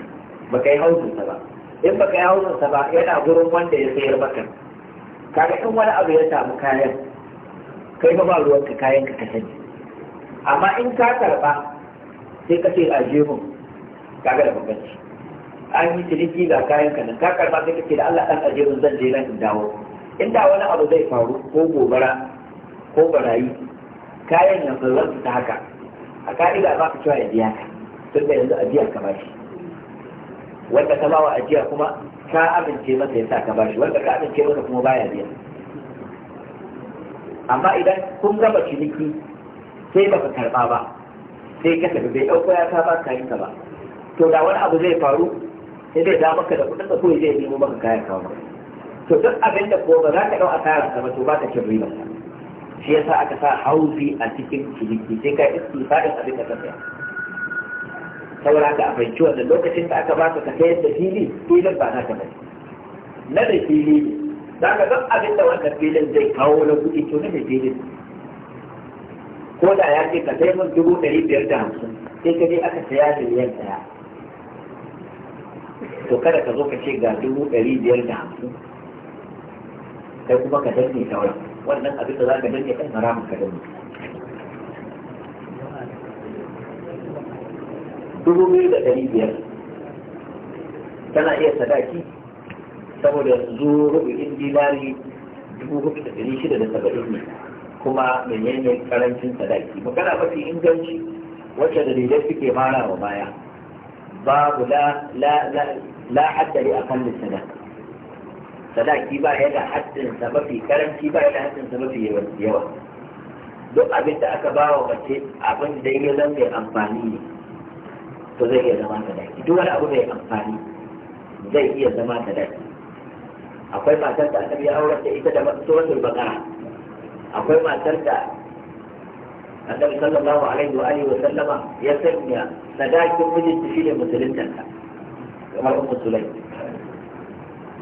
baka yi hauzinsa ba in baka yi hausa ba yana gurin wanda ya sayar maka kaga in wani abu ya samu kayan kai ba ruwan ka kayan ka kasance amma in ka karba sai ka ce a jihun kaga da bambanci an yi ciniki ga kayan ka nan ka karba sai ka ce da Allah dan ajihun zan je nan in dawo in da wani abu zai faru ko gobara ko barayi kayan nan ba zan fita haka a ka'ida ba ka cewa ya biya ka tun da yanzu a biya ka bashi wanda ka bawa ajiya kuma ka amince masa yasa ka bashi wanda ka amince masa kuma baya biya amma idan kun gaba ciniki sai baka karba ba sai ka tafi bai dauko ya ka ba kayan ka ba to da wani abu zai faru sai zai da maka da kudin ka ko zai nemo maka kayan ka ba to duk abin da ko ba za ka dau asarar ka ba to ba ka ci riba shi yasa aka sa hauzi a cikin ciniki sai ka da abin da ka saya saboda ka fahimci wanda lokacin da aka baka ka sayar da fili filin ba naka bane na da fili ne za ka duk abin da wannan filin zai kawo na kuɗi to na da filin ko da ya ce ka sai mun dubu ɗari biyar da hamsin sai ka je aka saya miliyan ɗaya to kada ka zo ka ce ga dubu ɗari biyar da hamsin kai kuma ka danne sauran wannan abin da za ka danne kan haramun ka danne dubu biyu da ɗari biyar tana iya sadaki saboda zu rubu'in dinari dubu hudu da ɗari shida da saba'in ne kuma menene karancin sadaki Ba magana mafi inganci wacce da daidai suke mara wa baya babu la la la la haddari a kan sadaki sadaki ba ya da haddinsa mafi karanci ba ya da haddinsa mafi yawa duk abin da aka ba wa mace abin da ya zama mai amfani ne to zai iya zama daki duk wani abu mai amfani zai iya zama daki akwai matar da annabi ya aure da ita da suratul baqara akwai matar da annabi sallallahu alaihi wa alihi wa sallama ya sanya sadakin mijinta shi ne musulunta kamar ummu sulai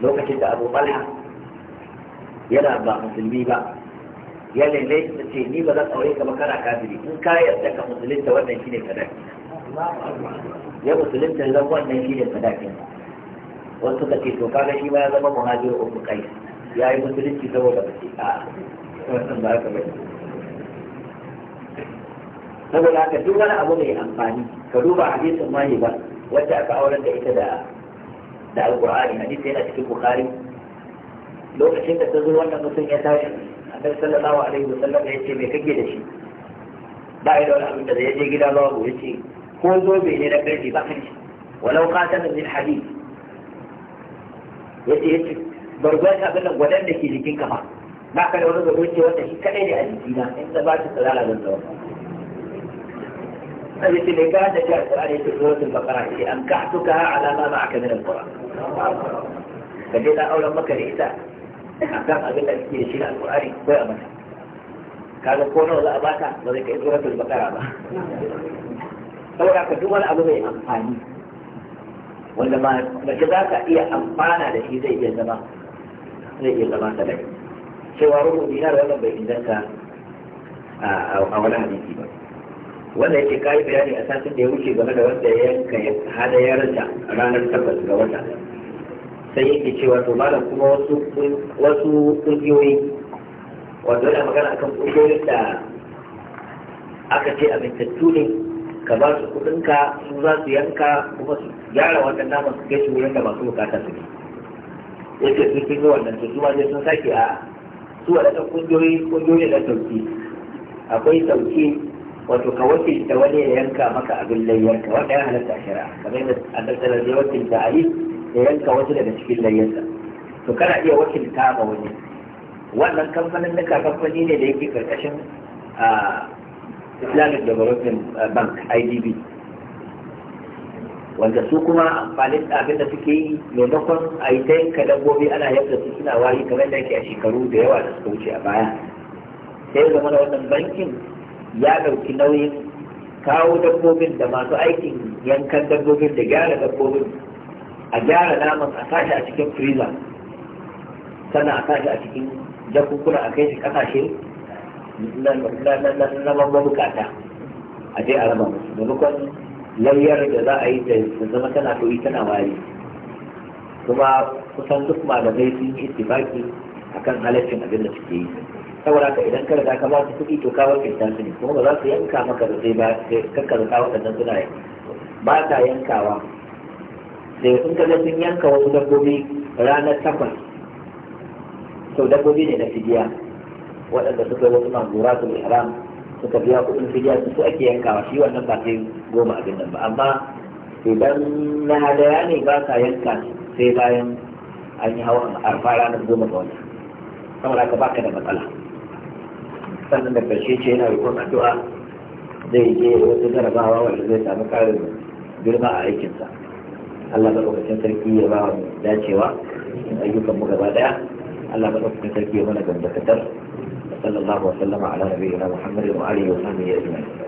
lokacin da abu balha yana ba musulmi ba ya lele ta ce ni ba zan aure ka ba kana kafiri in ka yarda ka musulunta wannan ne sadaki ya musulunta zan wannan shi ne sadakin wasu suka ce to kaga shi ma ya zama muhajir uku kai ya yi musulunci saboda mace a wannan ba ka bai saboda haka duk wani abu mai amfani ka duba hadisin mani ba wacce aka auren da ita da da alqur'ani hadisi yana cikin bukhari lokacin da ta zo wannan mutum ya tashi annabi sallallahu alaihi wasallam ya ce me kake da shi ba yi da wani abin da zai je gida ba ya ce كوزو بين ربي في بحري ولو قاتل من الحديد يتي يتي برضوان هابلا ولن نكي لكين كما ما كان يقول لك وانت وانت هي كلا يلي أليدينا انت باعت السلالة من دورنا هذه تلقاها نجاة سؤالي في سورة البقرة أنكحتكها على ما معك من القرآن فجدا أولا مكة لإساء أنكحتك أقول لك إيه شيء القرآن ويأمنا كانوا كونوا لأباتا وذلك إذورة البقرة saboda ka duk wani abu mai amfani wanda ba mace za ka iya amfana da shi zai iya zama zai iya zama da dai cewa rubu dinar wannan bai inganta a wani hadisi ba wanda yake kayi bayani a satin da ya wuce game da wanda ya yanka hada ya rasa ranar tabbas ga wata sai yake cewa to malam kuma wasu wasu kungiyoyi wato yana magana akan kungiyoyin da aka ce abin ne ka ba su kudin ka su za su yanka kuma su gyara wannan naman su kai su wurin da masu bukata su ne yake su sun yi wannan su kuma sai sun sake a su waɗannan kungiyoyi kungiyoyi na sauki akwai sauki wato ka wakilta wani ya yanka maka abin layyar ka wanda ya halatta shari'a kamar yadda annabi sallallahu ya wakilta ali ya yanka wasu daga cikin layyarsa to kana iya wakilta ma wani wannan kamfanin nuka kamfani ne da yake karkashin islamic development uh, bank idb wanda su kuma amfanin abin da suke yi maimakon a yi ta yanka dabbobi ana yadda su suna wari kamar da yake a shekaru da yawa da suka wuce a baya sai zama da wannan bankin ya ɗauki nauyin kawo dabbobin da masu aikin yankan dabbobin da gyara dabbobin a gyara naman a sashi a cikin freezer sannan a sashi a cikin jakunkuna a kai shi kasashe na mabukata a ce a raba musu maimakon layyar da za a yi da zama tana ɗoyi tana wari kuma kusan duk malamai sun yi ittifaki akan halaccin abin da suke yi saboda ka idan ka riga ka ba su kuɗi to ka wakilta su ne kuma ba za su yanka maka da sai ba kakka da kawo waɗannan suna yi ba ta yankawa sai sun kaga sun yanka wasu dabbobi ranar takwas to dabbobi ne na fidiya waɗanda suka yi wasu su ihram suka biya kuɗin fidiya su su ake yankawa shi wannan ba sai goma abin nan ba amma idan na hadaya ne ba sa yanka sai bayan an yi hawan arfa ranar goma ga wata saboda ka baka da matsala sannan da karshe ce yana rikon addu'a zai je wata jarabawa wanda zai samu ƙarin girma a aikinsa Allah ɗaukacin sarki ya ba mu dacewa ayyukan mu gaba ɗaya Allah ɗaukacin sarki ya mana gambatar صلى الله وسلم على نبينا محمد وعلي اله وصحبه أجمعين